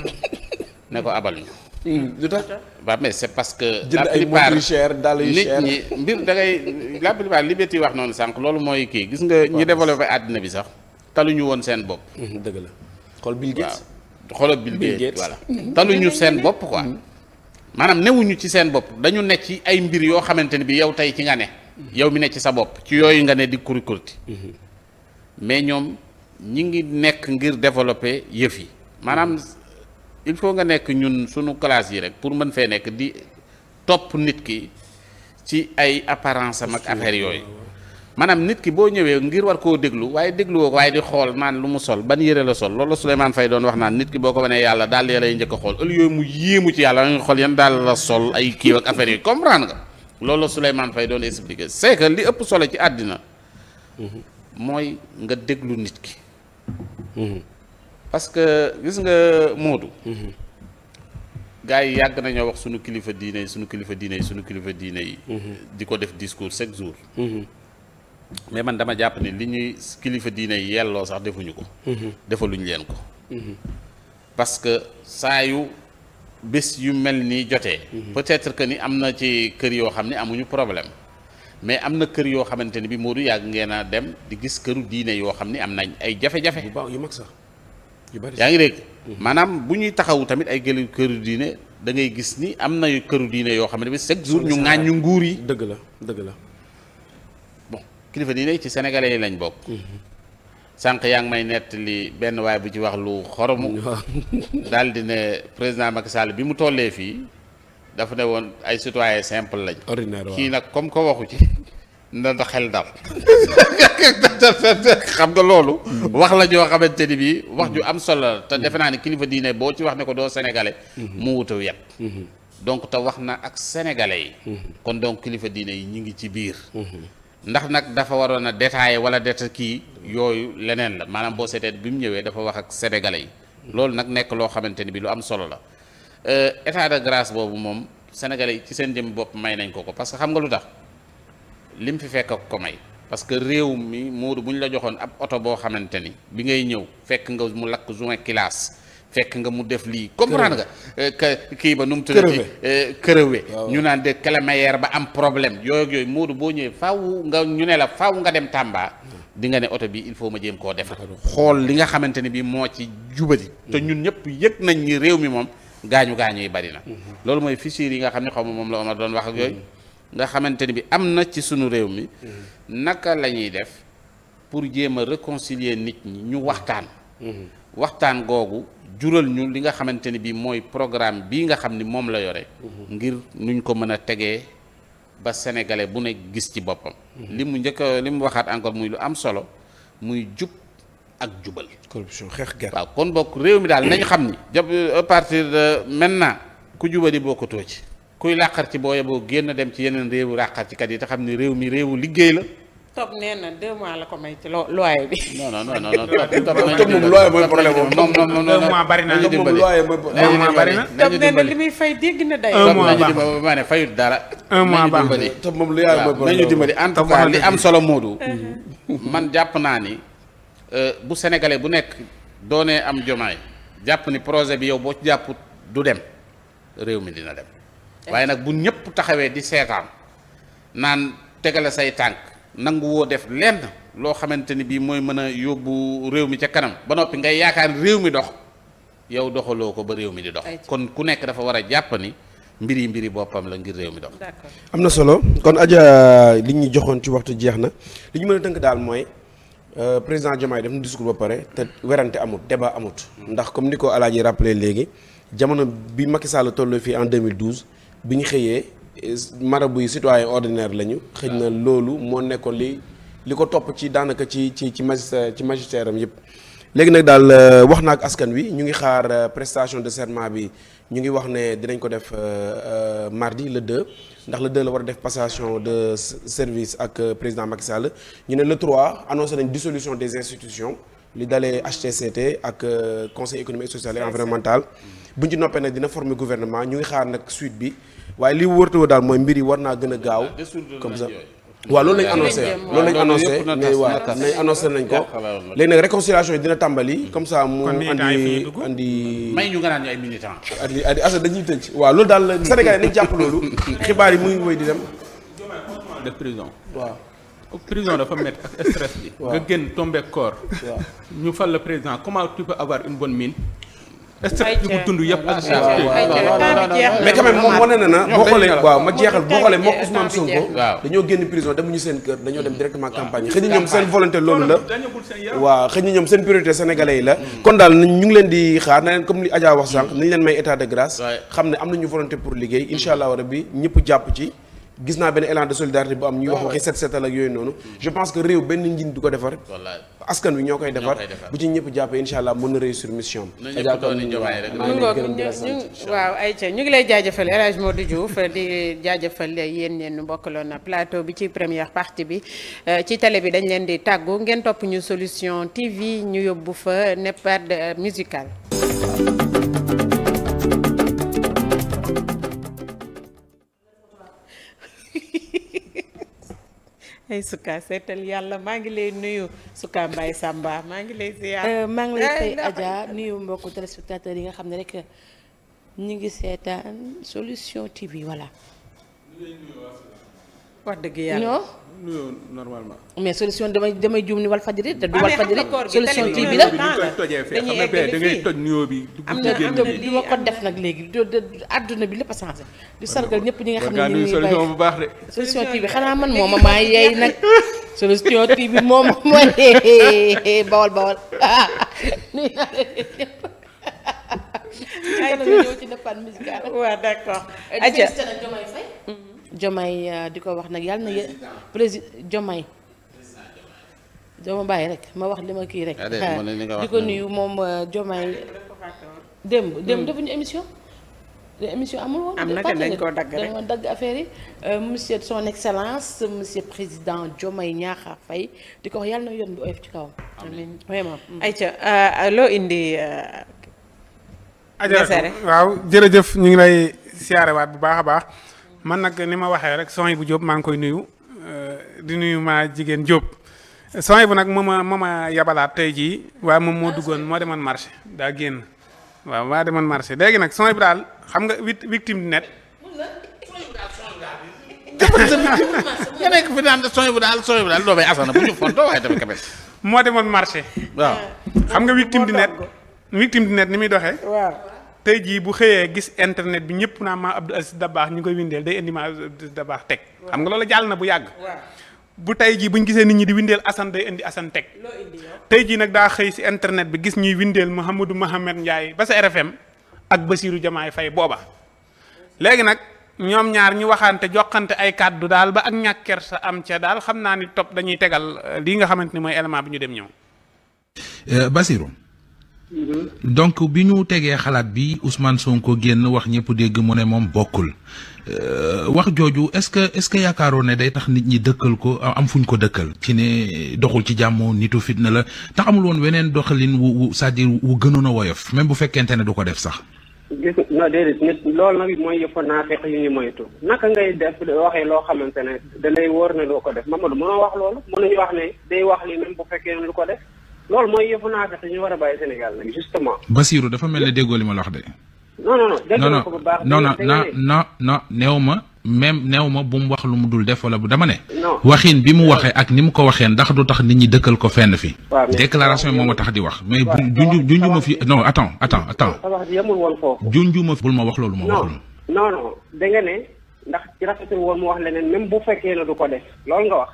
ne ko abal ñu. Hmm, lu tax waaw mais parce que. la plupart nit ñi mbir da ngay la plupart liberté wax noonu sànq loolu mooy kii gis nga. ñi développé àddina bi sax talu ñu woon seen bopp. Hmm, dëgg la xool Bill Gates. waaw xoolal Bill seen bopp quoi. Hmm. maanaam newuñu ci seen bopp dañu nekk ci ay mbir yoo xamante ni bi yow tey ci nga ne. yow mi ne ci sa bopp ci yooyu nga ne di kuri mais ñoom ñi ngi nekk ngir développer yëf yi maanaam il faut nga nekk ñun sunu classe yi rek pour mën fee nekk di topp nit ki ci ay apparence am ak affaire yooyu maanaam nit ki boo ñëwee ngir war koo déglu waaye dégluwoo ko waaye di xool maan lu mu sol ban yére la sol loolu la Souleymane Faye doon wax naan nit ki boo ko wanee yàlla daal ya lay njëkk xool ëllëg yooyu mu yéemu ci yàlla nga xool yan daal la sol ay kiiw ak affaire yooyu comprendre nga loolu la Souleymane Faye doon expliquer c'est li ëpp solo ci àddina mhm. mooy nga déglu nit ki. Mhm. parce que gis nga Moodu. Mhm. gars yi yàgg nañoo wax sunu kilifa diine yi sunu kilifa diine yi sunu kilifa diine yi. Mhm. di ko def discours chaque jour. mais man dama jàpp ni li ñuy kilifa diine yi yelloo sax defuñu ko. defaluñ leen ko. parce que saa yu bés yu mel nii jotee. peut-être que ni am na ci kër yoo xam ne amuñu problème. mais am na kër yoo xamante ni bi Modou yàgg ngeen a dem di gis këru diine yoo xam ni am nañ ay jafe-jafe. yu mag sax yu bari yaa ngi dégg mm-hmm. maanaam bu ñuy taxawu tamit ay gëlu këru diine dangay gis ni am na këru diine yoo xam ne bi chaque jour ñu ŋàññu nguur yi. dëgg la dëgg la. bon kilifa diine ci sénégalais yi lañ bokk. Mm-hmm. sànq yaa ngi may nettali benn waay bu ci wax lu xorom. daal di ne président Macky Sall bi mu tollee fii. dafa ne woon ay citoyen simple lañ. ordinaire waaw kii nag comme ko waxu ci. na da xel daal xam nga loolu. Hmm. wax la ñoo xamante ni bi wax ju hmm. am solo la te defe naa ne hmm. kilifa diine boo ci wax ne ko doo sénégalais. mu wutaw yet donc te wax na ak sénégalais yi. kon donc kilifa diine yi ñu ngi ci biir. ndax nag dafa waroon a détaillé wala deta kii yooyu leneen la maanaam boo seetee bi mu ñëwee dafa wax ak sénégalais yi. loolu nag nekk loo xamante ni bii lu am solo la. Euh, état de grace boobu moom sénégalais ci seen jëm bopp may nañ ko ko parce que xam nga lu tax mu fi fekk ko may parce que réew mi Moodu bu ñu la joxoon ab oto boo xamante ni bi ngay ñëw fekk nga mu lakk juin kilaas fekk nga mu def lii comprendre nga euh, kii ba nu mu tuddati kërëwe euh, ñu naan de clémaillère ba am problème yooyu yooyu boo ñëwee faaw nga ñu ne la faaw nga dem Tamba di nga ne oto bi il faut ma jéem koo defar xool li nga xamante ne bi moo ci jubali te mm. ñun ñëpp yëg nañ ni réew mi moom gaañu gaañu yi bari na. Mhm. loolu mooy fissure yi nga xam ne xaw ma moom la Omar doon wax ak yooyu. Mhm. nga xamante ni bi am na ci sunu réew mi. Mhm. naka la ñuy def pour jéem a réconcilier nit ñi ñu waxtaan. waxtaan googu jural ñu li nga xamante ni bi mooy programme bii nga xam ni moom la yore. ngir nuñ ko mën a tegee ba sénégalais bu ne gis ci boppam. li mu njëkk li mu waxaat encore muy lu am solo muy jub. ak jubal. corruption xeex ger waaw kon bokk réew mi daal nañ xam ni. jàpp euh, à ku de maintenant boo ko bokkatoo ci kuy làqar ci booya boo génn dem ci yeneen réewu làqar ci kat yi te xam ni réew mi réewu liggéey la. topp nee na la ko may ci lo loyer bi. non non non moom loyer mooy na topp moom loyer mooy problème un mois bari na. topp nee na li muy fay dégg nañu dimbali topp li am solo Modou. Uh-huh. man jàpp naa ni. Euh, bu sénégalais bu nekk doonee am jomaay jàpp ni projet bi yow boo ci jàpp du dem réew mi dina dem waaye nag bu ñëpp taxawee di seetaan naan tegale say tànk nangu woo def lenn loo xamante ni bii mooy mën a yóbbu réew mi ca kanam ba noppi ngay yaakaar réew mi dox yow doxaloo ko ba réew mi di dox kon ku nekk dafa war a jàpp ni mbiri mbiri boppam la ngir réew mi dox am na solo kon aja li ñu joxoon ci waxtu jeex na li ñu mën a tënk daal mooy Euh, président Diomaye def na discours ba pare te werante amut débat amut. ndax comme ni ko Alaaji rappelé léegi jamono bi Macky Sall toll fii en 2012 bi ñu xëyee euh, marabu yi citoyen ordinaire lañu. xëy na loolu moo nekkoon li li ko topp ci daanaka ci ci ci magistère ci magistère am yëpp. léegi nag daal euh, wax na ak askan wi ñu ngi xaar prestation de serment bi ñu ngi wax ne dinañ ko def mardi le 2. ndax le 2 war a def passation de service ak euh, président Macky Sall ñu ne le 3 annoncé nañ dissolution des institutions li dalee HCCT ak euh, conseil économique social et environnemental bu ñu noppee nag dina former gouvernement ñu ngi xaar nag suite bi waaye li wërtawoo daal mooy mbir yi war naa gën a gaaw ah, comme ça waaw loolu lañ annoncé loolu lañ annoncé mais waaw nañ annoncé nañ ko léegi nag réconciliation yi dina tàmbali comme ça mu andi andi may ñu nga naan ñu ay militant andi dañuy tëj waaw loolu daal la Sénégalais nañ jàpp loolu xibaar yi mu ngi di dem de prison waaw prison nga génn tombé corps ñu fal le président comment tu peux avoir une bonne mine stress bi ko dund yëpp ak mais quand même moom wane na na boo xoolee ma jeexal boo xoolee moom Ousmane Sonko dañoo génn prison demuñu seen kër dañoo dem directement campagne xëy na ñoom seen volonté loolu la waaw xëy na ñoom seen priorité sénégalais yi la kon daal ñu ngi leen di xaar na leen comme li Adja wax sànq nañ leen may état de grâce xam ne am nañu volonté pour liggéey incha allah rabbi ñëpp jàpp ci gis naa benn élan de solidarité bu am ñuy wax waxi set setal ak yooyu noonu je pense que réew benn njiit du ko defar askan wi ñoo koy defar bu ci ñëpp jàppee insha allah mën na réussir mission waaw ayca ñu ngi lay jaajëfal El Hadj Modou Diouf di jaajëfal yéen ñeen mbokkaloon na plateau bi ci première partie bi euh, ci télé bi dañ leen di tàggu ngeen topp ñu solution TV ñu yóbbu fa nepad euh, musical ay Souka seetal yàlla maa ngi lay nuyu Souka Mbaye Samba maa ngi lay ziar. Euh, maa ngi lay fay Adja nuyu mbokku téléspectateurs yi nga xam ne rek ñu ngi seetaan solution TV voilà. wax dëgg yàlla non. nuyoo mais solution damay damay juum ni wal fajiri te du ah, wal fajiri solution kii bi la dañuy dangay toj nuyoo bi. na am du ma ko def nag léegi àdduna bi lépp a changé. di sargal ñëpp ñi nga xam ne ñu ngi solution bu baax de. solution kii xanaa man moom maa yeey nag solution kii bi moom mooy bawal bawal ah nuyu naa leen ñëpp. ayca waaw Jomay euh, di ko wax nag yàlla na yéen président Jomay. doo ma bàyyi rek ma wax li ma kii rek. di ko nuyu moom Jomay. Euh, démb démb hmm. defuñu émission. émission amul woon. am na dañ koo dagg dagg affaire yi. Euh, monsieur son excellence monsieur président Diomaye Diakhar Faye di ko wax yàlla na yoon bi oyof ci kaw amiin vraiment. Hmm. ayca loo indi. desere waaw jërëjëf ñu ngi lay siyaarewaat bu baax a baax. man nag ni ma waxee rek sony bu jóob maa ngi koy nuyu euh, di nuyu maa jigéen Diop sony bu nag moo ma moo ma yabalaat tey jii waaye moom moo ah, duggoon moo demoon marché daa génn waaw maa demoon marché léegi nag sony bu daal xam nga victime di net. nga nekk fi daan bu daal sony bu daal doo bay asana bu moo demoon marché. waaw xam nga victime di net. victime di net ni muy doxee. tey jii bu xëyee gis internet bi ñëpp naa ma Abdou Aziz baax ñu koy windeel day indi ma Abdou Aziz Dabakh teg xam nga loolu jàll na bu yàgg bu tey jii buñ gisee nit ñi di windeel Assane day indi Assane teg tey jii nag daa xëy si internet bi gis ñuy windeel Mouhamadou Mohamed Ndiaye ba sa RFM ak Basirou Diomaye fay booba léegi nag ñoom ñaar ñu waxante joxante ay kàddu daal ba ak ñàkk kersa am ca daal xam naa ni topp dañuy tegal eh, lii nga xamante ni mooy élément bi ñu dem ñëw eh, Basirou Mhm. donc bi ñu tegee xalaat bi Ousmane Sonko génn wax ñëpp dégg mu ne moom bokkul euh, wax jooju est-ce que est-ce que yaakaaroon ne day tax nit ñi dëkkal ko am fuñ ko dëkkal ci ne doxul ci jàmm nitu fitna la tax amul woon weneen doxalin wu cest à wu gënu na woyof même bu fekkente ne du ko def sax. gis loolu nag mooy yëpp naa fekk yu ñu moytu naka ngay def waxee loo xamante ne da lay wóor ne doo ko def Mamadou mënoo wax loolu mënuñu wax ne day wax lii même bu fekkee lu ko def. loolu mooy yëfu naafeq ñu war a bàyyi Sénégal nag justement. Basirou dafa mel ne déggoo li ma la wax de. non non non dégg ko bu baax. non ma. même néew ma bu mu wax lu mu dul def wala bu dama ne. waxin bi mu waxee ak ni mu ko waxee ndax du tax nit ñi dëkkal ko fenn fi. déclaration bi moo ma tax di wax. mais junj junj ma fi non attends attends attends. junj ma fi bul ma wax loolu ma waxul. non non ne ndax ci rafetul woon mu wax leneen même bu fekkee ne du ko def loolu nga wax.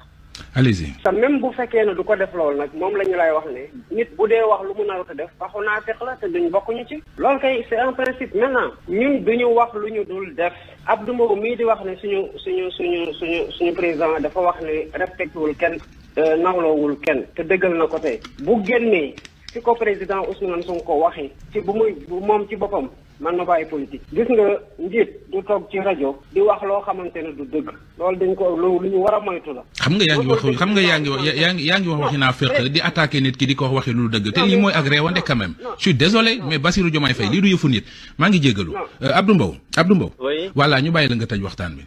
allez-y. même bu fekkee ne du ko def loolu nag moom la ñu lay wax ne. nit bu dee wax lu mu narut def waxu naa fekk la te duñ bokkuñu ci. loolu kay c'est un principe maintenant. ñun duñu wax lu ñu dul def. Abdou Mbow mii di wax ne suñu suñu suñu suñu suñu président dafa wax ne respecté wul kenn. Euh, nawloowul kenn te dëggal na ko tey. bu génnee si ko président Ousmane ko waxi ci bu muy bu moom ci boppam. man ma bàyyi politique gis nga njiit du toog ci rajo di wax loo xamante ne du dëgg loolu dañ ko lu ñu war a moytu la xam nga yaa ngi wax xam nga yaa ngi wax yaa ngi yaa ngi wax waxi naa féq di attaqué nit ki di ko wax waxi lu dëgg te lii mooy ak réewante quand même je suis désolé mais Bassirou Diomaye Faye lii du yëfu nit maa ngi jéggalu mbaw euh, Mbow Abdou Mbow voilà ñu bàyyi la nga tëj waxtaan bi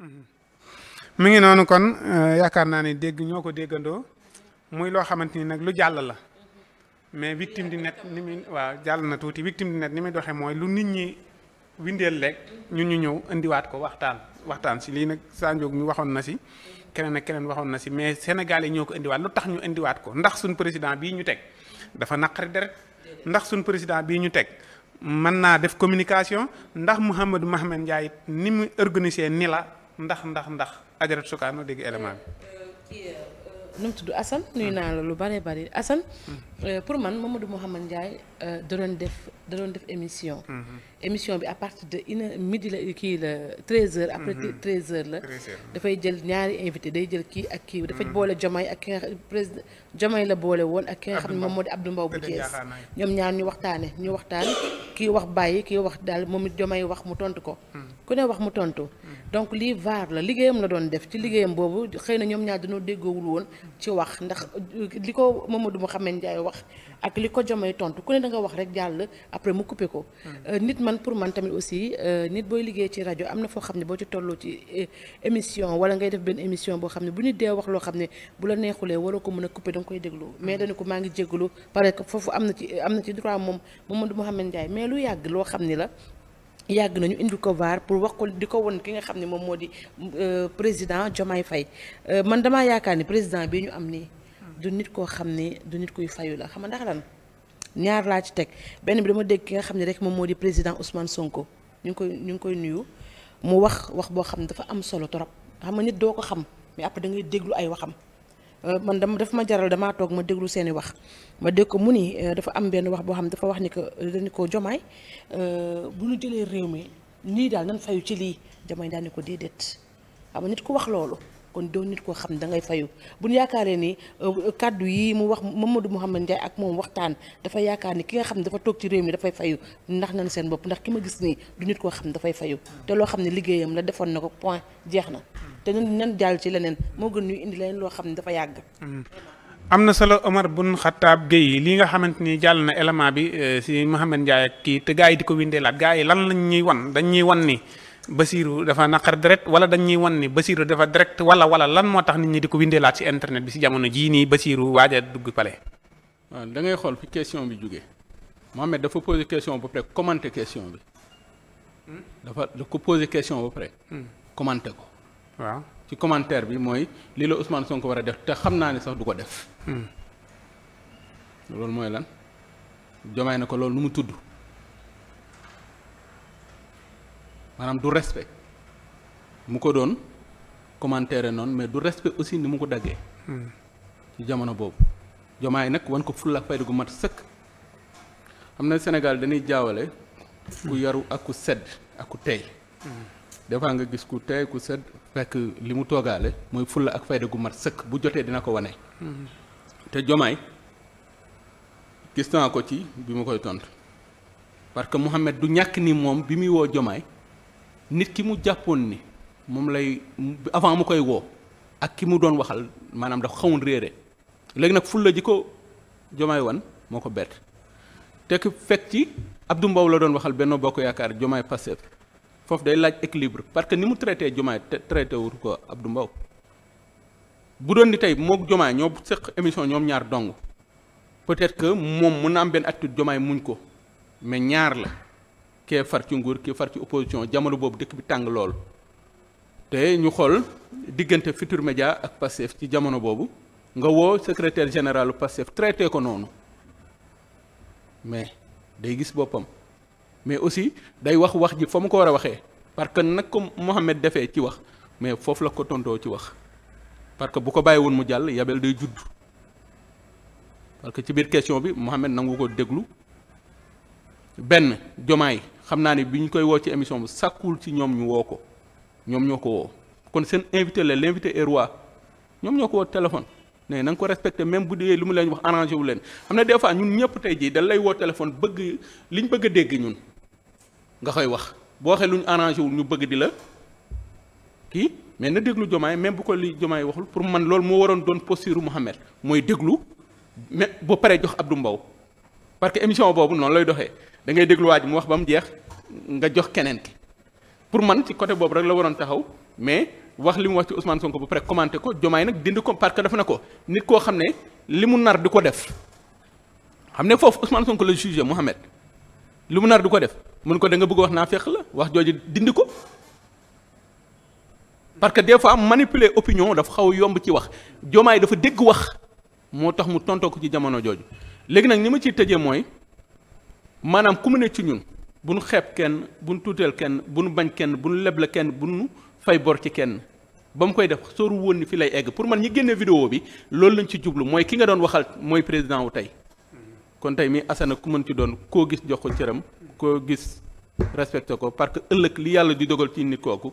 mm-hmm. mi ngi noonu kon euh, yaakaar naa ne dégg ñoo ko déggandoo muy loo xamante ni nag lu jàll la mais victime di net ni muy waaw jàll na tuuti victime di net ni muy doxee mooy lu nit ñi windeel lekk ñu ñu ñëw indiwaat ko waxtaan waxtaan si lii nag Sa Ndiogou mi waxoon na si keneen ak keneen waxoon na si mais Sénégal yi ñoo ko indiwaat lu tax ñu indiwaat ko ndax suñ président bii ñu teg dafa naqari deret ndax suñ président bii ñu teg mën naa def communication ndax Mouhamadou Mahamed Ndiaye ni mu organiser ni la ndax ndax ndax ajarat sukaano dégg élément nu mu tudd Assane nuyu ah. naa la lu bare bari Assane. Hmm. Euh, pour man Mamadou Mouhamed Ndiaye euh, da doon def da def émission. Hmm. émission bi à partir de une heure la kii la 13h. après 13h mhm. la. dafay jël ñaari invité day jël kii ak kii. dafa mhm. boole Jomay ak ki nga président Jomay la boole woon ak ki nga xam ne moom moo di Abdou Mbow bu Thiès ñoom ñaar ñu waxtaane ñu waxtaan kii wax bàyyi kii wax daal moom it Jomay wax mu tontu ko. Mhm. ku ne wax mu tontu. donc lii vaar la liggéeyam la doon def ci liggéeyam boobu xëy na ñoom ñaar dañoo déggoowul woon ci wax ndax li ko Mamadou Mouhamed Ndiaye wax. ak li ko jomay tontu ku ne danga nga wax rek jàll après mu coupé ko. Euh, nit man pour man tamit aussi euh, nit booy liggéey ci rajo am na foo xam ne boo ci tolloo ci euh, émission wala ngay def benn émission boo xam ne bu ñu dee wax loo xam ne bu la neexulee waroo ko mën a coupé danga koy déglu mais dañu ko maa ngi jégalu pare que foofu am na ci am na ci droit moom Mamadou Mouhamed Ndiaye mais lu yàgg loo xam ni la. yàgg nañu indi ko vaar pour wax ko di ko won ki nga xam ne moom moo di président Diomaye Faye man damaa yaakaar ni président bi ñu am nii du nit koo xam ni du nit kuy fayu la xam nga ndax lan ñaar laa ci teg benn bi dama dégg ki nga xam ne rek moom moo di président Ousmane Sonko ñu ngi koy ñu ngi koy nuyu mu wax wax boo xam ne dafa am solo trop xam nga nit doo ko xam mais après da ngay déglu ay waxam euh, man dama dafa ma jaral damaa toog ma déglu seeni wax ma dégg ko mu ni euh, dafa am benn wax boo xam ne dafa wax ni que euh, dañu ko jomaay bu ñu jëlee réew mi nii daal nan fayu ci lii jomaay daal ni ko déedéet xam nga nit ku wax loolu. kon doo nit koo xam da ngay fayu bu ñu yaakaaree ni euh, kàddu yi mu wax moom ma Mamadou Mouhamed Ndiaye ak moom waxtaan dafay yaakaar ni ki nga xam ne dafa toog ci réew mi dafay fayu ndax nañ seen bopp ndax ki ma gis nii du nit koo xam dafay fayu te loo xam ne liggéeyam la defoon na ko point jeex na te nan nan jàll ci leneen moo gën ñuy indi leen loo xam ne dafa yàgg hmm. am na solo Omar bun Xattaab Gueye li nga xamante ni jàll na élément bi euh, si Mouhamed kii te yi di ko windeelaat gars yi lan lañ ñuy wan dañ ñuy wan ni Basiiru dafa naqar direct wala dañ ñuy wan ni Basiiru dafa direct wala wala lan moo tax nit ñi di ko windeelaat ci internet bi si jamono ji nii Basiiru waaj dugg pale waaw da ngay xool fi question bi jógee Mohamed dafa posé question ba pare commenté question bi dafa da ko posé question ba pare hmm. commenté ko waaw ci commentaire bi mooy lii la Ousmane ko war a def te xam naa ne sax du ko def hmm. loolu mooy lan jomaay na ko loolu lu mu tudd maanaam du respect mu ko doon commentaire noonu mais du respect aussi ni mu ko daggee. Hmm. ci jamono boobu. jomaay nag wan ko fulla ak fayda gu mat sëkk xam na Sénégal dañuy jaawale. ku yaru ak ku sedd ak ku tey. Hmm. des nga gis ku tey ku sedd fekk li mu toogaale mooy fulla ak fayda gu mat sëkk bu jotee dina ko wane. Hmm. te jomaay gis naa ko ci bi ma koy tontu parce que Mouhamed du ñàkk ni moom bi muy woo jomaay nit ki mu jàppoon ni moom lay avant mu koy woo ak ki mu doon waxal maanaam dafa xawoon réere léegi nag fulla ji ko jomaay wan moo ko bett te ku fekk ci Abdou Mbow la doon waxal Benno Bokk Yaakaar jomaay Pastef foofu day laaj équilibre parce que ni mu traité jomaay traité wut ko Abdou Mbow bu doon di tey mook jomaay ñoo seq émission ñoom ñaar dong peut-être que moom mun na am benn attitude jomaay muñ ko mais ñaar la kee far ci nguur kii far ci opposition jamono boobu dëkk bi tàng lool te ñu xool diggante Futurs Médias ak Pastef ci jamono boobu nga woo secretaire général Pastef traité ko noonu mais day gis boppam mais aussi day wax wax ji fa mu ko war a waxee parce que nag ko Mohamed defee ci wax mais foofu la ko tontoo ci wax parce que bu ko bàyyi woon mu jàll yabel day judd parce que ci biir question bi Mohamed nangu ko déglu benn jomaay xam naa ne bi ñu koy woo ci émission bi sàkkul ci ñoom ñu woo ko ñoom ñoo ko woo kon seen invité la l'invité est waa ñoom ñoo ko woo téléphone ne na ko respecté même bu dee lu mu leen wax arrangé wu leen xam ne des fois ñun ñëpp tey jii dañ lay woo téléphone bëgg liñ bëgg a dégg ñun nga koy wax boo waxee lu ñu arrangé wul ñu bëgg di la kii mais na déglu jomaay même bu ko li jomaay waxul pour man loolu moo waroon doon posture Mouhamed mooy déglu mais ba pare jox du mbaw parce que émission boobu noonu lay doxee. da ngay déglu waa mu wax ba mu jeex nga jox keneen ki pour man ci côté boobu rek la waroon taxaw mais wax li mu wax ci Ousmane Sonko ba pare commenté ko jomaay nag dindi ko parce que def ko nit koo xam ne li mu nar di ko def xam ne foofu Ousmane Sonko la Mouhamed li mu nar di ko def mun ko da bëgg wax naa fex la wax jooju dindi ko parce que des fois manipuler opinion dafa xaw yomb ci wax jomaay dafa dégg wax moo tax mu tontoo ko ci jamono jooju léegi nag ni ma ciy tëjee mooy. maanaam ku mu ne ci ñun bu nu xeeb kenn bu nu tuuteel kenn bu nu bañ kenn bu nu leble kenn bu nu fay bor ci kenn ba mu koy def sóoru woon ni fi lay egg pour man ñi génne video bi loolu lañ ci jublu mooy ki nga doon waxal mooy président wu tey kon tey mi asana ku mën ci doon koo gis jox ko cëram koo gis respecté ko parce que ëllëg li yàlla di dogal ci nit kooku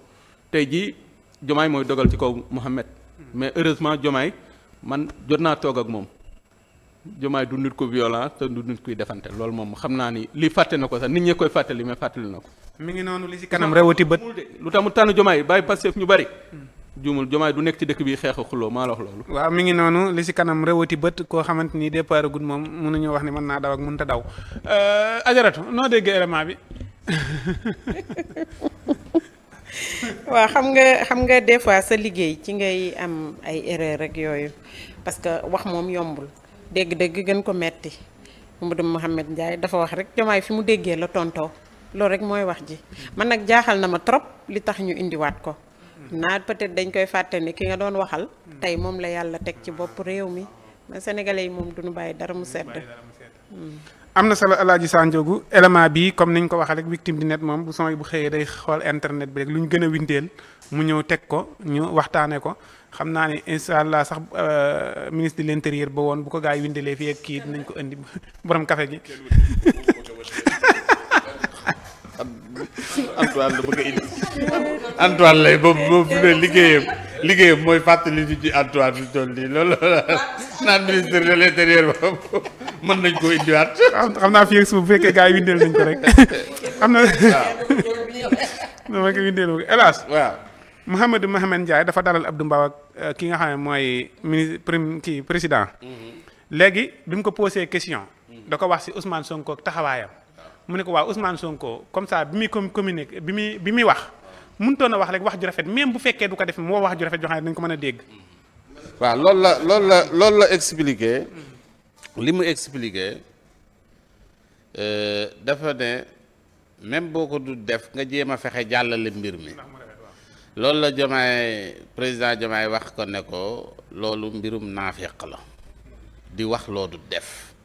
tey jii jomaay mooy dogal ci kaw Mouhamed mais heureusement jomaay man jot naa toog ak moom Diomaye du nit ko violent te du nit kuy defante loolu moom xam naa ni li fàtte na ko sax nit ñi koy fàttali mais fàttali na ko. mi ngi noonu li ci kanam rewati bët. lu tax mu tànn Diomaye bàyyi Pastef ñu bari. Hmm. juumul Diomaye du nekk ci dëkk bi xeex xuloo maa la wax mi ngi noonu li si kanam rewati bët koo xamante ni départ gud moom mënuñu wax ni mën naa daw a daw. Euh, ajaratu noo dégg élément xam nga xam nga des fois sa liggéey ci ngay am ay erreur rek yooyu parce que wax moom yombul. dégg-dégg gën ko metti Mamadou Mouhamed Ndiaye dafa wax rek jomaay fi mu déggee la tontoo loolu rek mooy wax ji man nag jaaxal na ma trop li tax ñu indiwaat ko naa peut-être dañ koy fàtte ni ki nga doon waxal tey moom la yàlla teg ci bopp réew mi mais sénégalais yi moom duñu bàyyi dara mu sedd hmm. am na solo alaaji Sanjogu élément bi comme ñu ko waxee rek victime di net moom bu son bu xëyee day xool internet bi rek lu ñu gën a windeel mu ñëw teg ko ñu waxtaanee ko xam naa ni incha allah sax euh, ministre de l' intérieur ba woon bu ko gaa yi windalee fii ak nañ ko indi borom café gi. Antoine la bëgg a mooy fàttali nit ñi Antoine fi toll nii loolu naan ministre de l' intérieur boobu mën nañ koo indiwaat. xam naa fii ak bu fekkee gaa yi windeel nañ ko rek. am na. waaw. Mouhamadou Mohamed Ndiaye dafa dalal du Mbow ak euh, ki nga xam ne mooy ministre prime kii président. Mm-hmm. léegi bi mu ko posé question. Mm-hmm. da ko wax si Ousmane Sonko taxawaayam. mu ne ko waaw Ousmane Sonko comme ça bi muy communiqué bi muy bi muy wax. mënutoon a wax rek wax ju rafet même bu fekkee du ko def moo wax ju rafet joo xam ne ko mën a dégg. Mm-hmm. waaw lool la lool la loolu la expliqué. li mu expliqué euh, dafa ne même boo ko du def nga jéem a fexe jàllale mbir mi. loolu la Diomaye président Diomaye wax ko ne ko loolu mbirum naafeq la di wax loo du def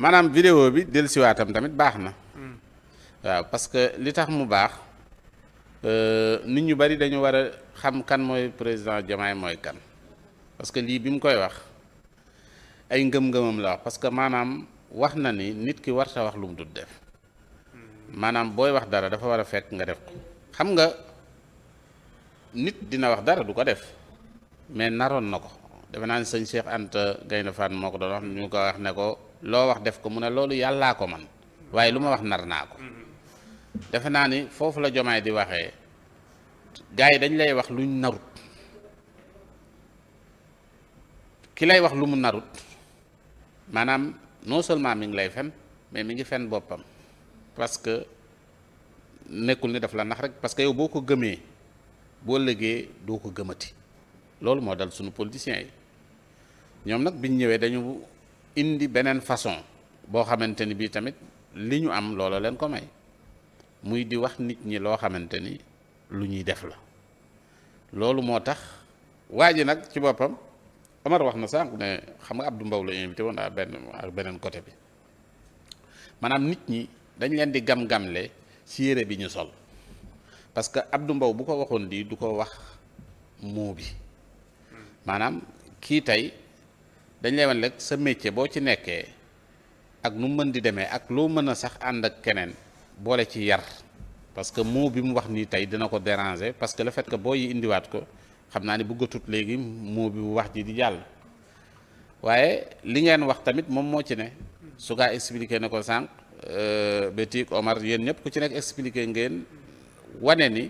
maanaam vidéo bi dellusiwaatam tamit baax na waaw parce que li tax mu baax euh, nit ñu bari dañu war a xam kan mooy président Diomaye mooy kan parce que lii bi mu koy wax ay ngëm-ngëmam la wax parce que maanaam wax na ni nit ki warta wax lu mu du def maanaam booy wax dara dafa war a fekk nga def ko xam nga nit dina wax dara du ko def mais naroon na ko defe naa ne sëñ Cheikh Anta Gaynde Fatma moo ko doon wax ñu ko wax ne ko loo wax def ko mu ne loolu yàllaa ko man waaye lu ma wax nar naa ko defe naa ni foofu la jomaay di waxee gars yi dañ lay wax luñ narut ki lay wax lu mu narut maanaam non seulement mi ngi lay fen mais mi ngi fen boppam parce que nekkul ni daf la nax rek parce que yow boo ko gëmee boo lëgee doo ko gëmati loolu moo dal suñu politiciens yi ñoom nag biñ ñëwee dañu indi beneen façon boo xamante ni bii tamit li ñu am loola leen ko may muy di wax nit ñi loo xamante ni lu ñuy def la loolu moo tax waa ji nag ci boppam Omar wax na sànq ne xam nga Abdou Mbow la invité woon ak benn ak beneen côté bi maanaam nit ñi dañ leen di gam-gamle ci yére bi ñu sol parce que Abdou Mbow bu ko waxoon lii du ko wax moo bi maanaam kii tey dañ lay wan rek sa métier boo ci nekkee ak nu mën di demee ak loo mën a sax ànd ak keneen boole ci yar parce que moo bi mu wax nii tey dina ko déranger parce que le fait que boo indiwaat ko xam naa ne bëggatut léegi moo bi bu wax ji di jàll waaye li ngeen wax tamit moom moo ci ne su gaa expliqué na ko sànq euh, Bétik Omar yéen ñëpp ku ci nekk expliqué ngeen wane ni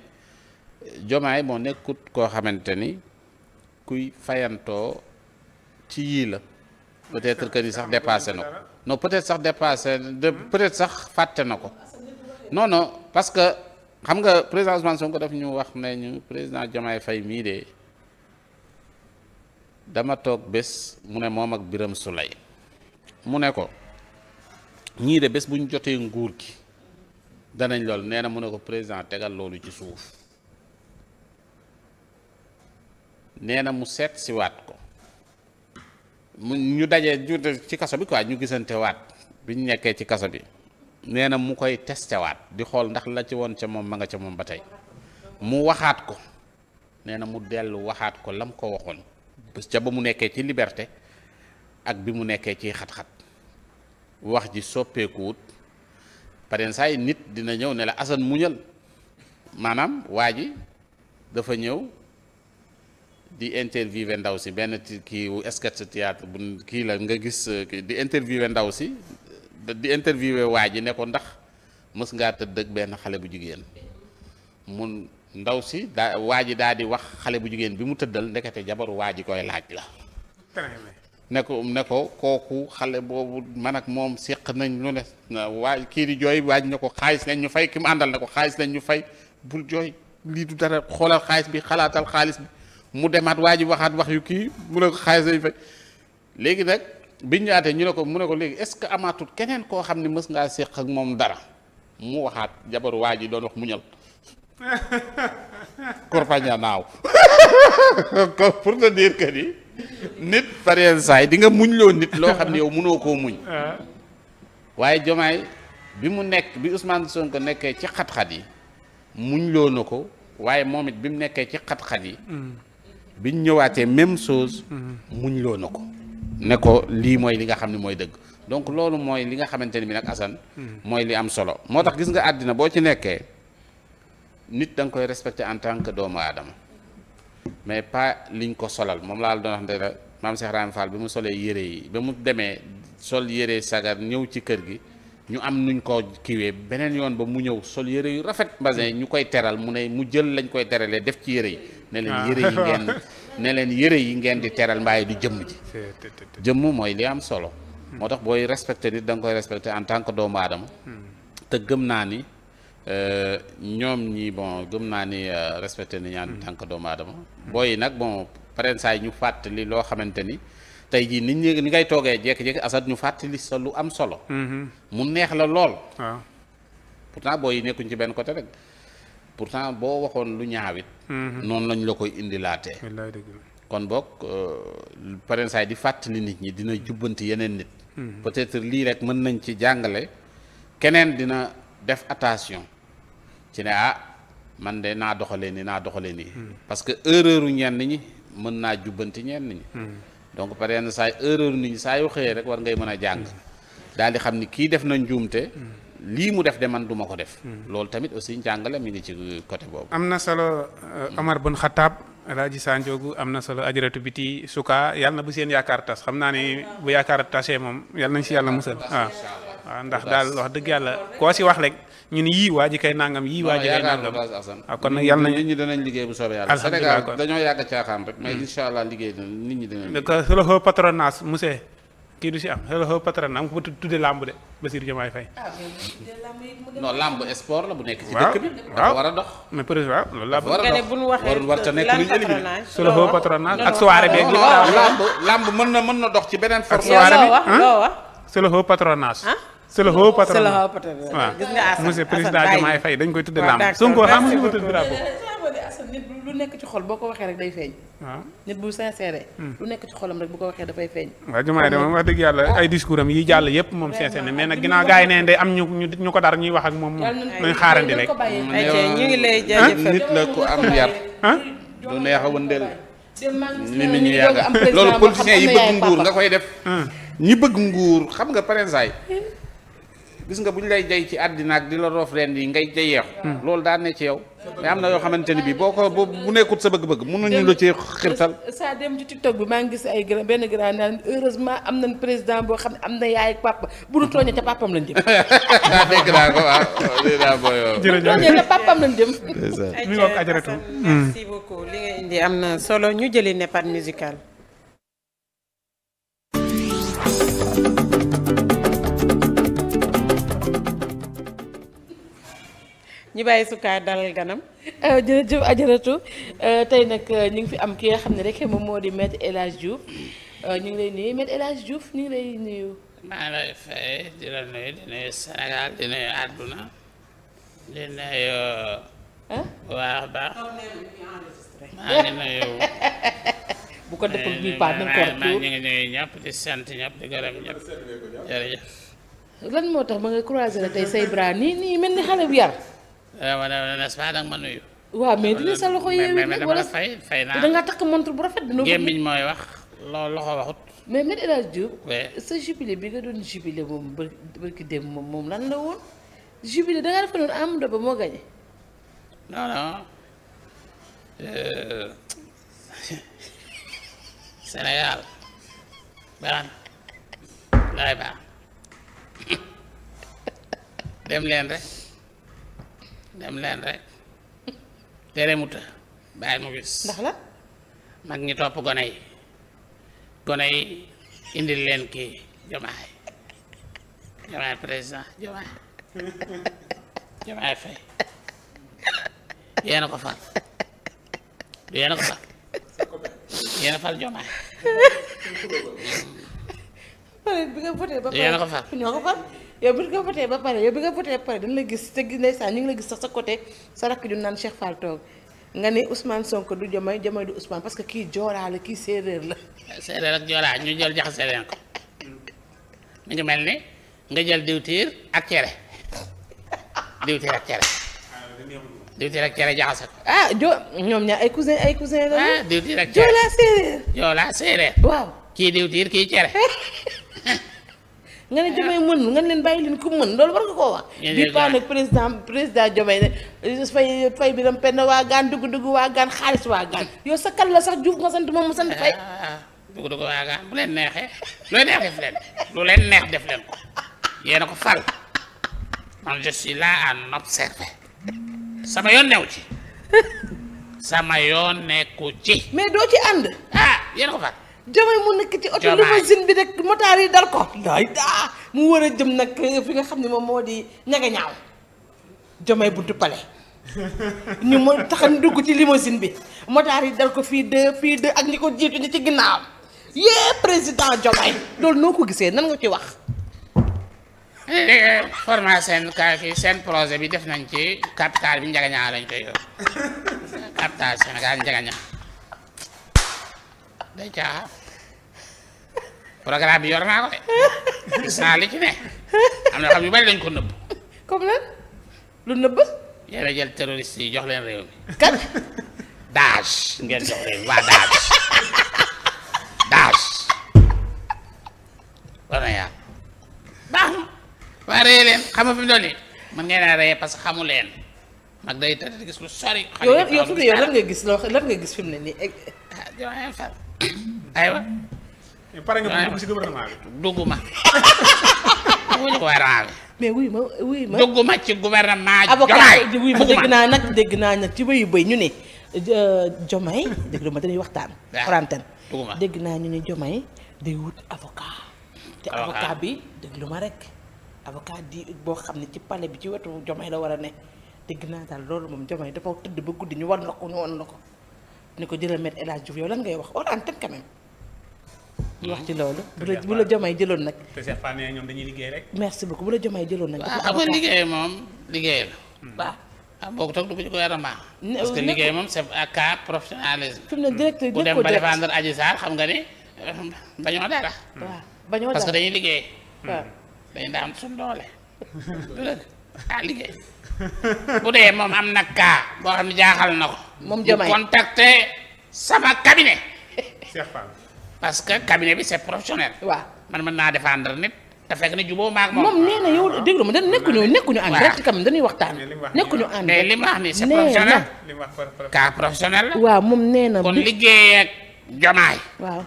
jomaay moo nekkut koo xamante ni kuy fayantoo ci yii la peut-être que ni sax dépassé na ko non peut sax dépassé de peut sax fàtte na ko noonu non parce que xam nga président Ousmane Sonko daf ñu wax ne ñu président Diomaye Faye mii de dama toog bés mu ne moom ak biram Souleye mu ne ko ñii de bés bu ñu jotee nguur gi danañ lool nee na mu ne ko président tegal loolu ci suuf nee na mu seet si waat ko mu ñu dajee ju ci kaso bi quoi ñu gisante waat ñu nekkee ci kaso bi nee na mu koy testé waat di xool ndax la ci woon ca moom ma nga ca moom ba tey mu waxaat ko nee na mu dellu waxaat ko lam ko waxoon bés ca ba mu nekkee ci liberté ak bi mu nekkee ci xat-xat wax ji soppeekuwut pareen saa yi nit dina ñëw ne la Assane muñal maanaam waa ji dafa ñëw di interviewé ndaw si benn kii sketch théâtre bu kii la nga gis euh, di interviewé ndaw si euh, di interviewé waa ji ne ko ndax mës ngaa tëdd ak benn xale bu jigéen mun ndaw si daa waa ji daal di wax xale bu jigéen bi mu tëddal ndekete jabaru waa ji koy laaj la ne ko ne ko kooku xale boobu man ak moom séq nañ lu ne waaj kii di jooy waaj na ko xaalis nañ ñu fay ki mu àndal na ko xaalis nañ ñu fay bul jooy lii du dara xoolal xaalis bi xalaatal xaalis mu demaat waa ji waxaat wax yu kii mu xaalis nañ nag biñ ñaatee ñu ne ko mu ne ko léegi est-ce que amaatul keneen koo xam ni mës ngaa séq ak moom dara mu waxaat jabaru waa ji doon wax muñal korpaña naaw pour te dire que ni nit par yenn saa yi di nga muñ loo nit loo xam ne yow munoo koo muñ ah. waaye jomaay bi mu nekk bi Ousmane ko nekkee ci xat-xat yi muñ loo na ko waaye moom it bi mu nekkee ci xat-xat yi mm. biñ ñëwaatee même chose mm. muñ loo na ko ne ko lii mooy li nga xam ne mooy dëgg donc loolu mooy li nga xamante ni bi nag Assane mm. mooy li am solo moo tax gis nga àddina boo ci nekkee nit da koy respecté en tant que doomu aadama mais pas liñ ko solal moom laa la doon wax ne la maam Cheikh Rahane Fall bi mu solee yére yi ba mu demee sol yére sagar ñëw ci kër gi ñu am nuñ ko kiwee beneen yoon ba mu ñëw sol yére yu rafet mbasin ñu koy teral mu ne mu jël lañ koy teralee def ci yére yi ne leen ah. yére yi ngeen ne leen yére yi ngeen di teral mbaaye du jëmm ji jëmm mooy li am solo hmm. moo tax booy respecté nit da koy respecté en tant que doomu aadama hmm. te gëm naa ni ñoom ñi bon gëm naa ni euh, respecté ni ñaan tànk doomu aadama booy nag bon paren saa ñu fàttali loo xamante ni tey jii nit ñi ni ngay toogee jékki-jékki asat ñu fàttali sa lu am solo mm-hmm. mu neex la lool waaw pourtant booy yi nekkuñ ci benn côté rek pourtant boo waxoon lu ñaawit mm-hmm. noonu lañ la koy indilaatee kon boog paren saa yi di fàttali nit ñi dina jubbanti yeneen nit mm-hmm. peut-être lii rek mën nañ ci jàngale keneen dina def attention ci ne ah man de naa doxalee ni naa doxalee nii. Hmm. parce que erreur u ñenn ñi mën naa jubbanti ñeen ñi. Hmm. donc par yenn saa erreur nit ñi saa yoo xëyee rek war ngay mën a jàng. Hmm. dal di xam ni kii def na njuumte. lii mu def de man duma ko def. loolu tamit aussi njàngale mi ngi ci côté boobu. am na solo euh, Omar bun Xataab Alaaji Sanjoogu am na solo ajaratu biti suka yàlla na bu seen yaakaar tas xam naa ne bu yaakaar tasee moom yàlla nañ si yàlla musal waaw. waaw ndax daal wax dëgg yàlla koo si wax rek ñu ni yii waa ji kay nangam yii waa ji kay nangam waaw ah, kon nag yàlla nañu nit ñi danañ liggéey bu soobee yàlla Sénégal dañoo yàgg caaxaan rek mais hmm. incha allah liggéey kii du si am relexo patronage am ko tudde làmb de Bassirou Diomaye Faye ah, non làmb sport la bu nekk ci dëkk bi dafa war a dox mais peut-être loolu laa bëgg bu ñu nekk luñu éliminé relexo ak làmb làmb mën na mën na dox ci beneen forme soirée bi Ah? c'est le haut patronage. c'est le haut patronage waaw gis nga Assane monsieur dañ koy tudde lamb Sonko ko tudde drapeau nit boo ko waxee rek day feeñ waaw nit bu sincère hmm. lu nekk ci xolam rek bu ko waxee dafay feeñ waaw Diomaye de moom wax dëgg yàlla ay discours am yi jàll yëpp moom sincère ne mais nag ginnaaw gars yi ne day am ñu ñu ko dara ñuy wax ak moom moom nañ xaarandi rek ñu ngi lay jaajëfal nit la ko am yar lu a wëndeel mi mi loolu politiciens yi bëgg nguur nga koy def hmm. ñi bëgg nguur xam nga parensaay gis nga bu ñu lay jay ci àddina ak di la roof reen yi ngay jayeexu hmm. loolu daan ne ci yow mais am na yoo xamante ni bii boo ko bu nekkut sa bëgg-bëgg mënuñu la ci xirtal saa dem ci tiktok bi maa ngi gis ay grand benn grand naan heureusement am nañ président boo xam ne am na yaay ak papa bu nu tooñee ca papam lañ jëm dégg naa ko waaw dégg naa booy tooñee ca papam lañ li nga indi am na solo ñu jëli ne part musicale ñi bàyyi sukkaar dalal ganam. Euh, jërëjëf ajaratu euh, tey nag euh, ñu ngi fi am ki nga xam ne rek moom moo di maître El Hadj Diouf ñu ngi lay nuyu maître El maa lay fay di la nuyu di nuyu Sénégal bu ko deful bii baax nañ ko maa ngi ñëpp di sant ñëpp di gërëm ñëpp jërëjëf. lan moo tax ba nga croiser la tey say bras nii nii mel ni xale bu yar. Eh, wala wala waaw mais dina nga takk montre bu rafet. dina ko gémmiñ mooy wax loolu loxo waxut. mais Me El Hadji Diouf. sa jubilé bi nga doon jubilé moom bër bërki dem moom moom lan la woon jubilé da nga defoon Amadou Ba moo gagné. non non. Euh, Sénégal. baran laay dem leen rek. dem leen rek tere mu të bàyyi mu gis ndax la mag ñi topp gone yi gone yi indi leen kii jomaay jomaay président jomaay jomaay fay yéen a ko fal du yéen a ko fal yéen a fal jomaay yéen a ko fal ko fal yow bi nga voté ba pare yow bi nga voté ba pare dañ la gis te ndeysaan ñu ngi la gis sax sa côté sa rakk ju naan Cheikh Fall nga ne Ousmane Sonko du Diomaye Diomaye du Ousmane parce que kii Joolaa la kii séeréer la. séeréer ak Joolaa ñu mel ni jël diwtiir ak cere diwtiir ak ah, ñaar ay cousin ay cousin la. ah diwtiir ak séeréer. waaw kii diwtiir kii cere. nga ne Diomaye mën nga ne leen bàyyi leen ku mën loolu war nga koo wax. bi paa nag président président Diomaye ne fay fay bi dam penn waa gaan dugg dugg waa gaan xaalis waa gaan yow sa kal la sax Diouf nga sant moom mu sant fay. dugg dugg waa gaan bu leen neexee looy neex def leen lu leen neex def leen ko yéen a ko fal man je suis là à sama yoon new ci sama yoon nekku ci. mais doo ci ànd. ah yéen ko fal. damay mu nekk ci oto limousine bi rek motaar yi dal ko daay daa mu war a jëm nag fi nga xam ne moom moo di ñaga ñaaw damay buntu pale ñu ma taxan dugg ci limousine bi motaar yi dal ko fii de fii de ak ñi ko jiitu ñi ci ginnaaw yee président Diomaye loolu noo ko gisee nan nga ci wax eh, formation ka fi seen projet bi def nañ ci capital bi njagañaa lañ koy yow capital Sénégal njagañaa day caa programme bi yor naa ko de gis naa li ci ne am na xam yu bari dañ ko nëbb. comme lan lu nëbb. yéen jël terroriste yi jox leen réew mi. kan daaj ngeen jox réew waa daaj daaj war na yàlla waa reye leen xam nga fi nii mën ngeen a reye parce que xamu leen mag day tëdd gis lu sori. yow yow fi ne yow lan nga gis loo lan nga gis fi aywa. Eh, pare nga dugg si gouvernement dugguma. mais wuy ma wuy ma dugguma ci gouvernement. avocat wuy ma dégg naa nag dégg naa nag ci bëyu bëy ñu ne. Euh, Jomay déglu ma dañuy waxtaan. xoranten dégg naa ñu ne Jomay day wut avocat. te avocat bi déglu ma rek. avocat di boo xam ne ci palais bi ci wetu Jomay la war a ne. dégg naa daal loolu moom Jomay dafa tëdd ba guddi ñu war na ko ñu woon na ko. ni ko jëlal Me El Hadji Diouf ngay wax hors antenne quand même. ñu hmm. wax ci loolu. bu la bu la Diomaye jëloon nag. te Cheikh Fall liggéey rek. merci beaucoup bu la ah, moom liggéey la. Hmm. waaw. ah boo ko toog dugg ci ko yarama. parce que liggéey moom c'est à cas professionnalisme. Hmm. xam nga ni bañoo dara. waaw bañoo dara parce que dañuy liggéey. waaw dañuy daan suñu doole. ah liggéey. bu dee moom am na cas boo xam ne jaaxal na ko. moom Diomaye contacter sama cabinet. parce que cabinet bi c'est professionnel. waaw man mën naa défendre nit. te fekk na jubóo maag moom. moom nee na yow déglu ma nekkuñu nekkuñu en direct kam dañuy waxtaan. nekkuñu en direct li mu wax nii c'est professionnel. cas professionnel la. waaw moom nee na. kon liggéey ak Diomaye. waaw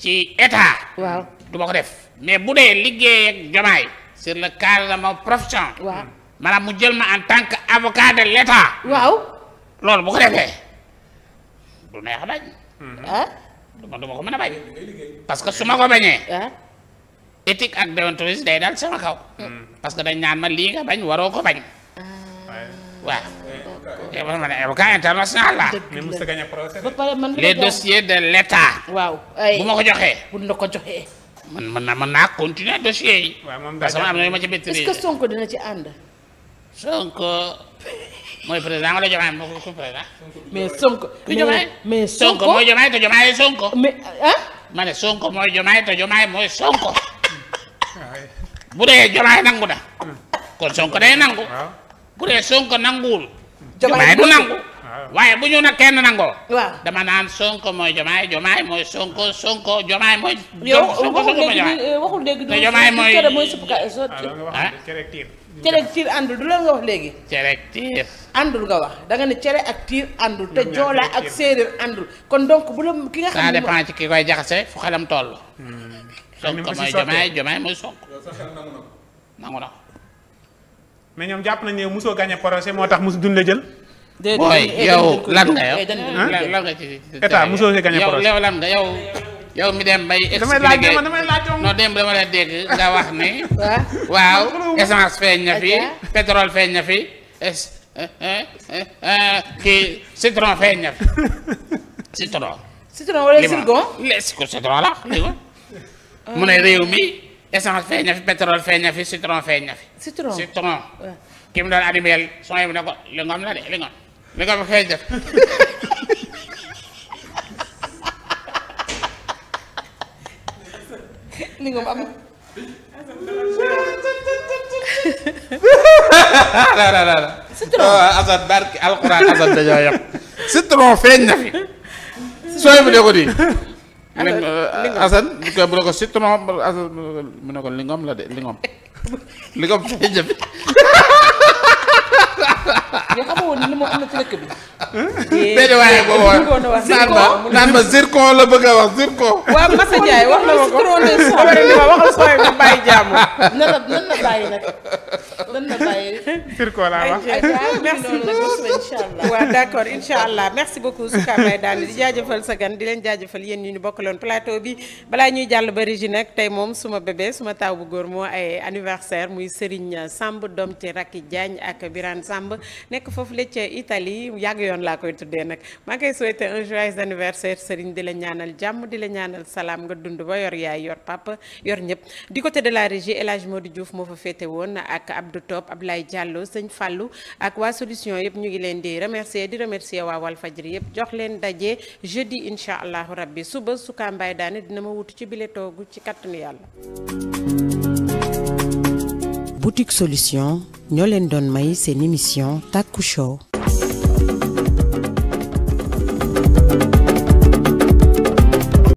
ci état. waaw du ko def. mais bu dee liggéey ak Diomaye. sur le cadre de profession. waaw. maanaam mu jël ma en tant que avocat de l' état. waaw loolu bu ko defee du neex a bañ. Mm-hmm. ah ma ko mën a bañ. parce que su ma ko bañee. Ah. éthique ak déontologie day daal sama kaw. Mm. parce que dañ naan ma lii nga bañ waroo ko bañ. Ah. waaw. waaw man avocat international la. les dossiers de waaw bu ma ko joxee. bu ñu la ko joxee. man man naa mën naa continuer dossier yi. waaw moom parce que am na yu ma ci maîtriser. est-ce que Sonko dina ci ànd. Sonko mooy président wala Diomaye mooy président. mais Sonko. mais mais Sonko Sonko mooy Diomaye mooy Diomaye te Diomaye mooy Sonko. bu dee Diomaye nangu na. kon Sonko day nangu. bu dee Sonko nanguwul. Diomaye du nangu. waaye bu ñu nag kenn nangoo. waaw dama naan Sonko mooy Diomaye Diomaye mooy Sonko Sonko Diomaye mooy. yow waxul dëgg waxul dëgg. te Diomaye mooy. cere ak tiir àndul du loolu nga wax léegi. cere ak tiir. àndul nga wax danga ne cere ak tiir àndul. te joola ak séeréer àndul kon donc bu la ki nga. xam ne ça ki koy jaxase fu xelam toll. sonk mooy jomaay jomaay mooy sonk. nangu na mais jàpp nañu ne mosoo gagné moo tax mosu duñ la jël. déedéet yow lan nga yow. lan nga ci état mosoo gagné projet yow nga yow. yow mi dem bay. expliqué non dem dama la dégg nga wax ni. waaw essence feeñ na fi pétrole feeñ na fi essence feeñ na fi pétrole feeñ na fi citron feeñ na fi. citron citron. doon animé son yi ne ko li nga xam de li nga li nga feeñ na li nga am. citron asad barki alquran asad dañoo yem. citron feeñ na fi. sooy bu dee ko di. asad euh, bu ne ko citron asad mu ne ko lingom la de lingom lingom feeñ na fi. mais xamoo woon li ma am na ci bi. déedéet waaye boobu naan la wax zircon. waaw Massa Ndiaye sa gan di leen jaajëfal yéen ñi ñu bokkaloon plateau bi balaa ñuy jàll ba régi nag tey moom suma bébé suma taw bu góor moo ay anniversaire muy Serigne Samb doom ci Rakki Diagne ak Birane Samb. nekk foofu la ca Italie yàgg yoon laa koy tuddee nag ma ngi koy souhaiter un joyeux anniversaire Serigne di la ñaanal jàmm di la ñaanal salaam nga dund ba yor yaay yor papa yor ñëpp di côté de la régie El Hadj Modou Diouf moo fa féete woon ak Abdou Top Ablaye jàlloo sëñ fàllu ak waa solution yëpp ñu ngi leen di remercier di remercier waa Walfadjri yëpp jox leen daje jeudi incha allahu rabbi suba sukaambaay daane dina ma wutu ci bile toogu ci kattanu yàlla boutique solution ñoo leen doon may seen émission Taku Show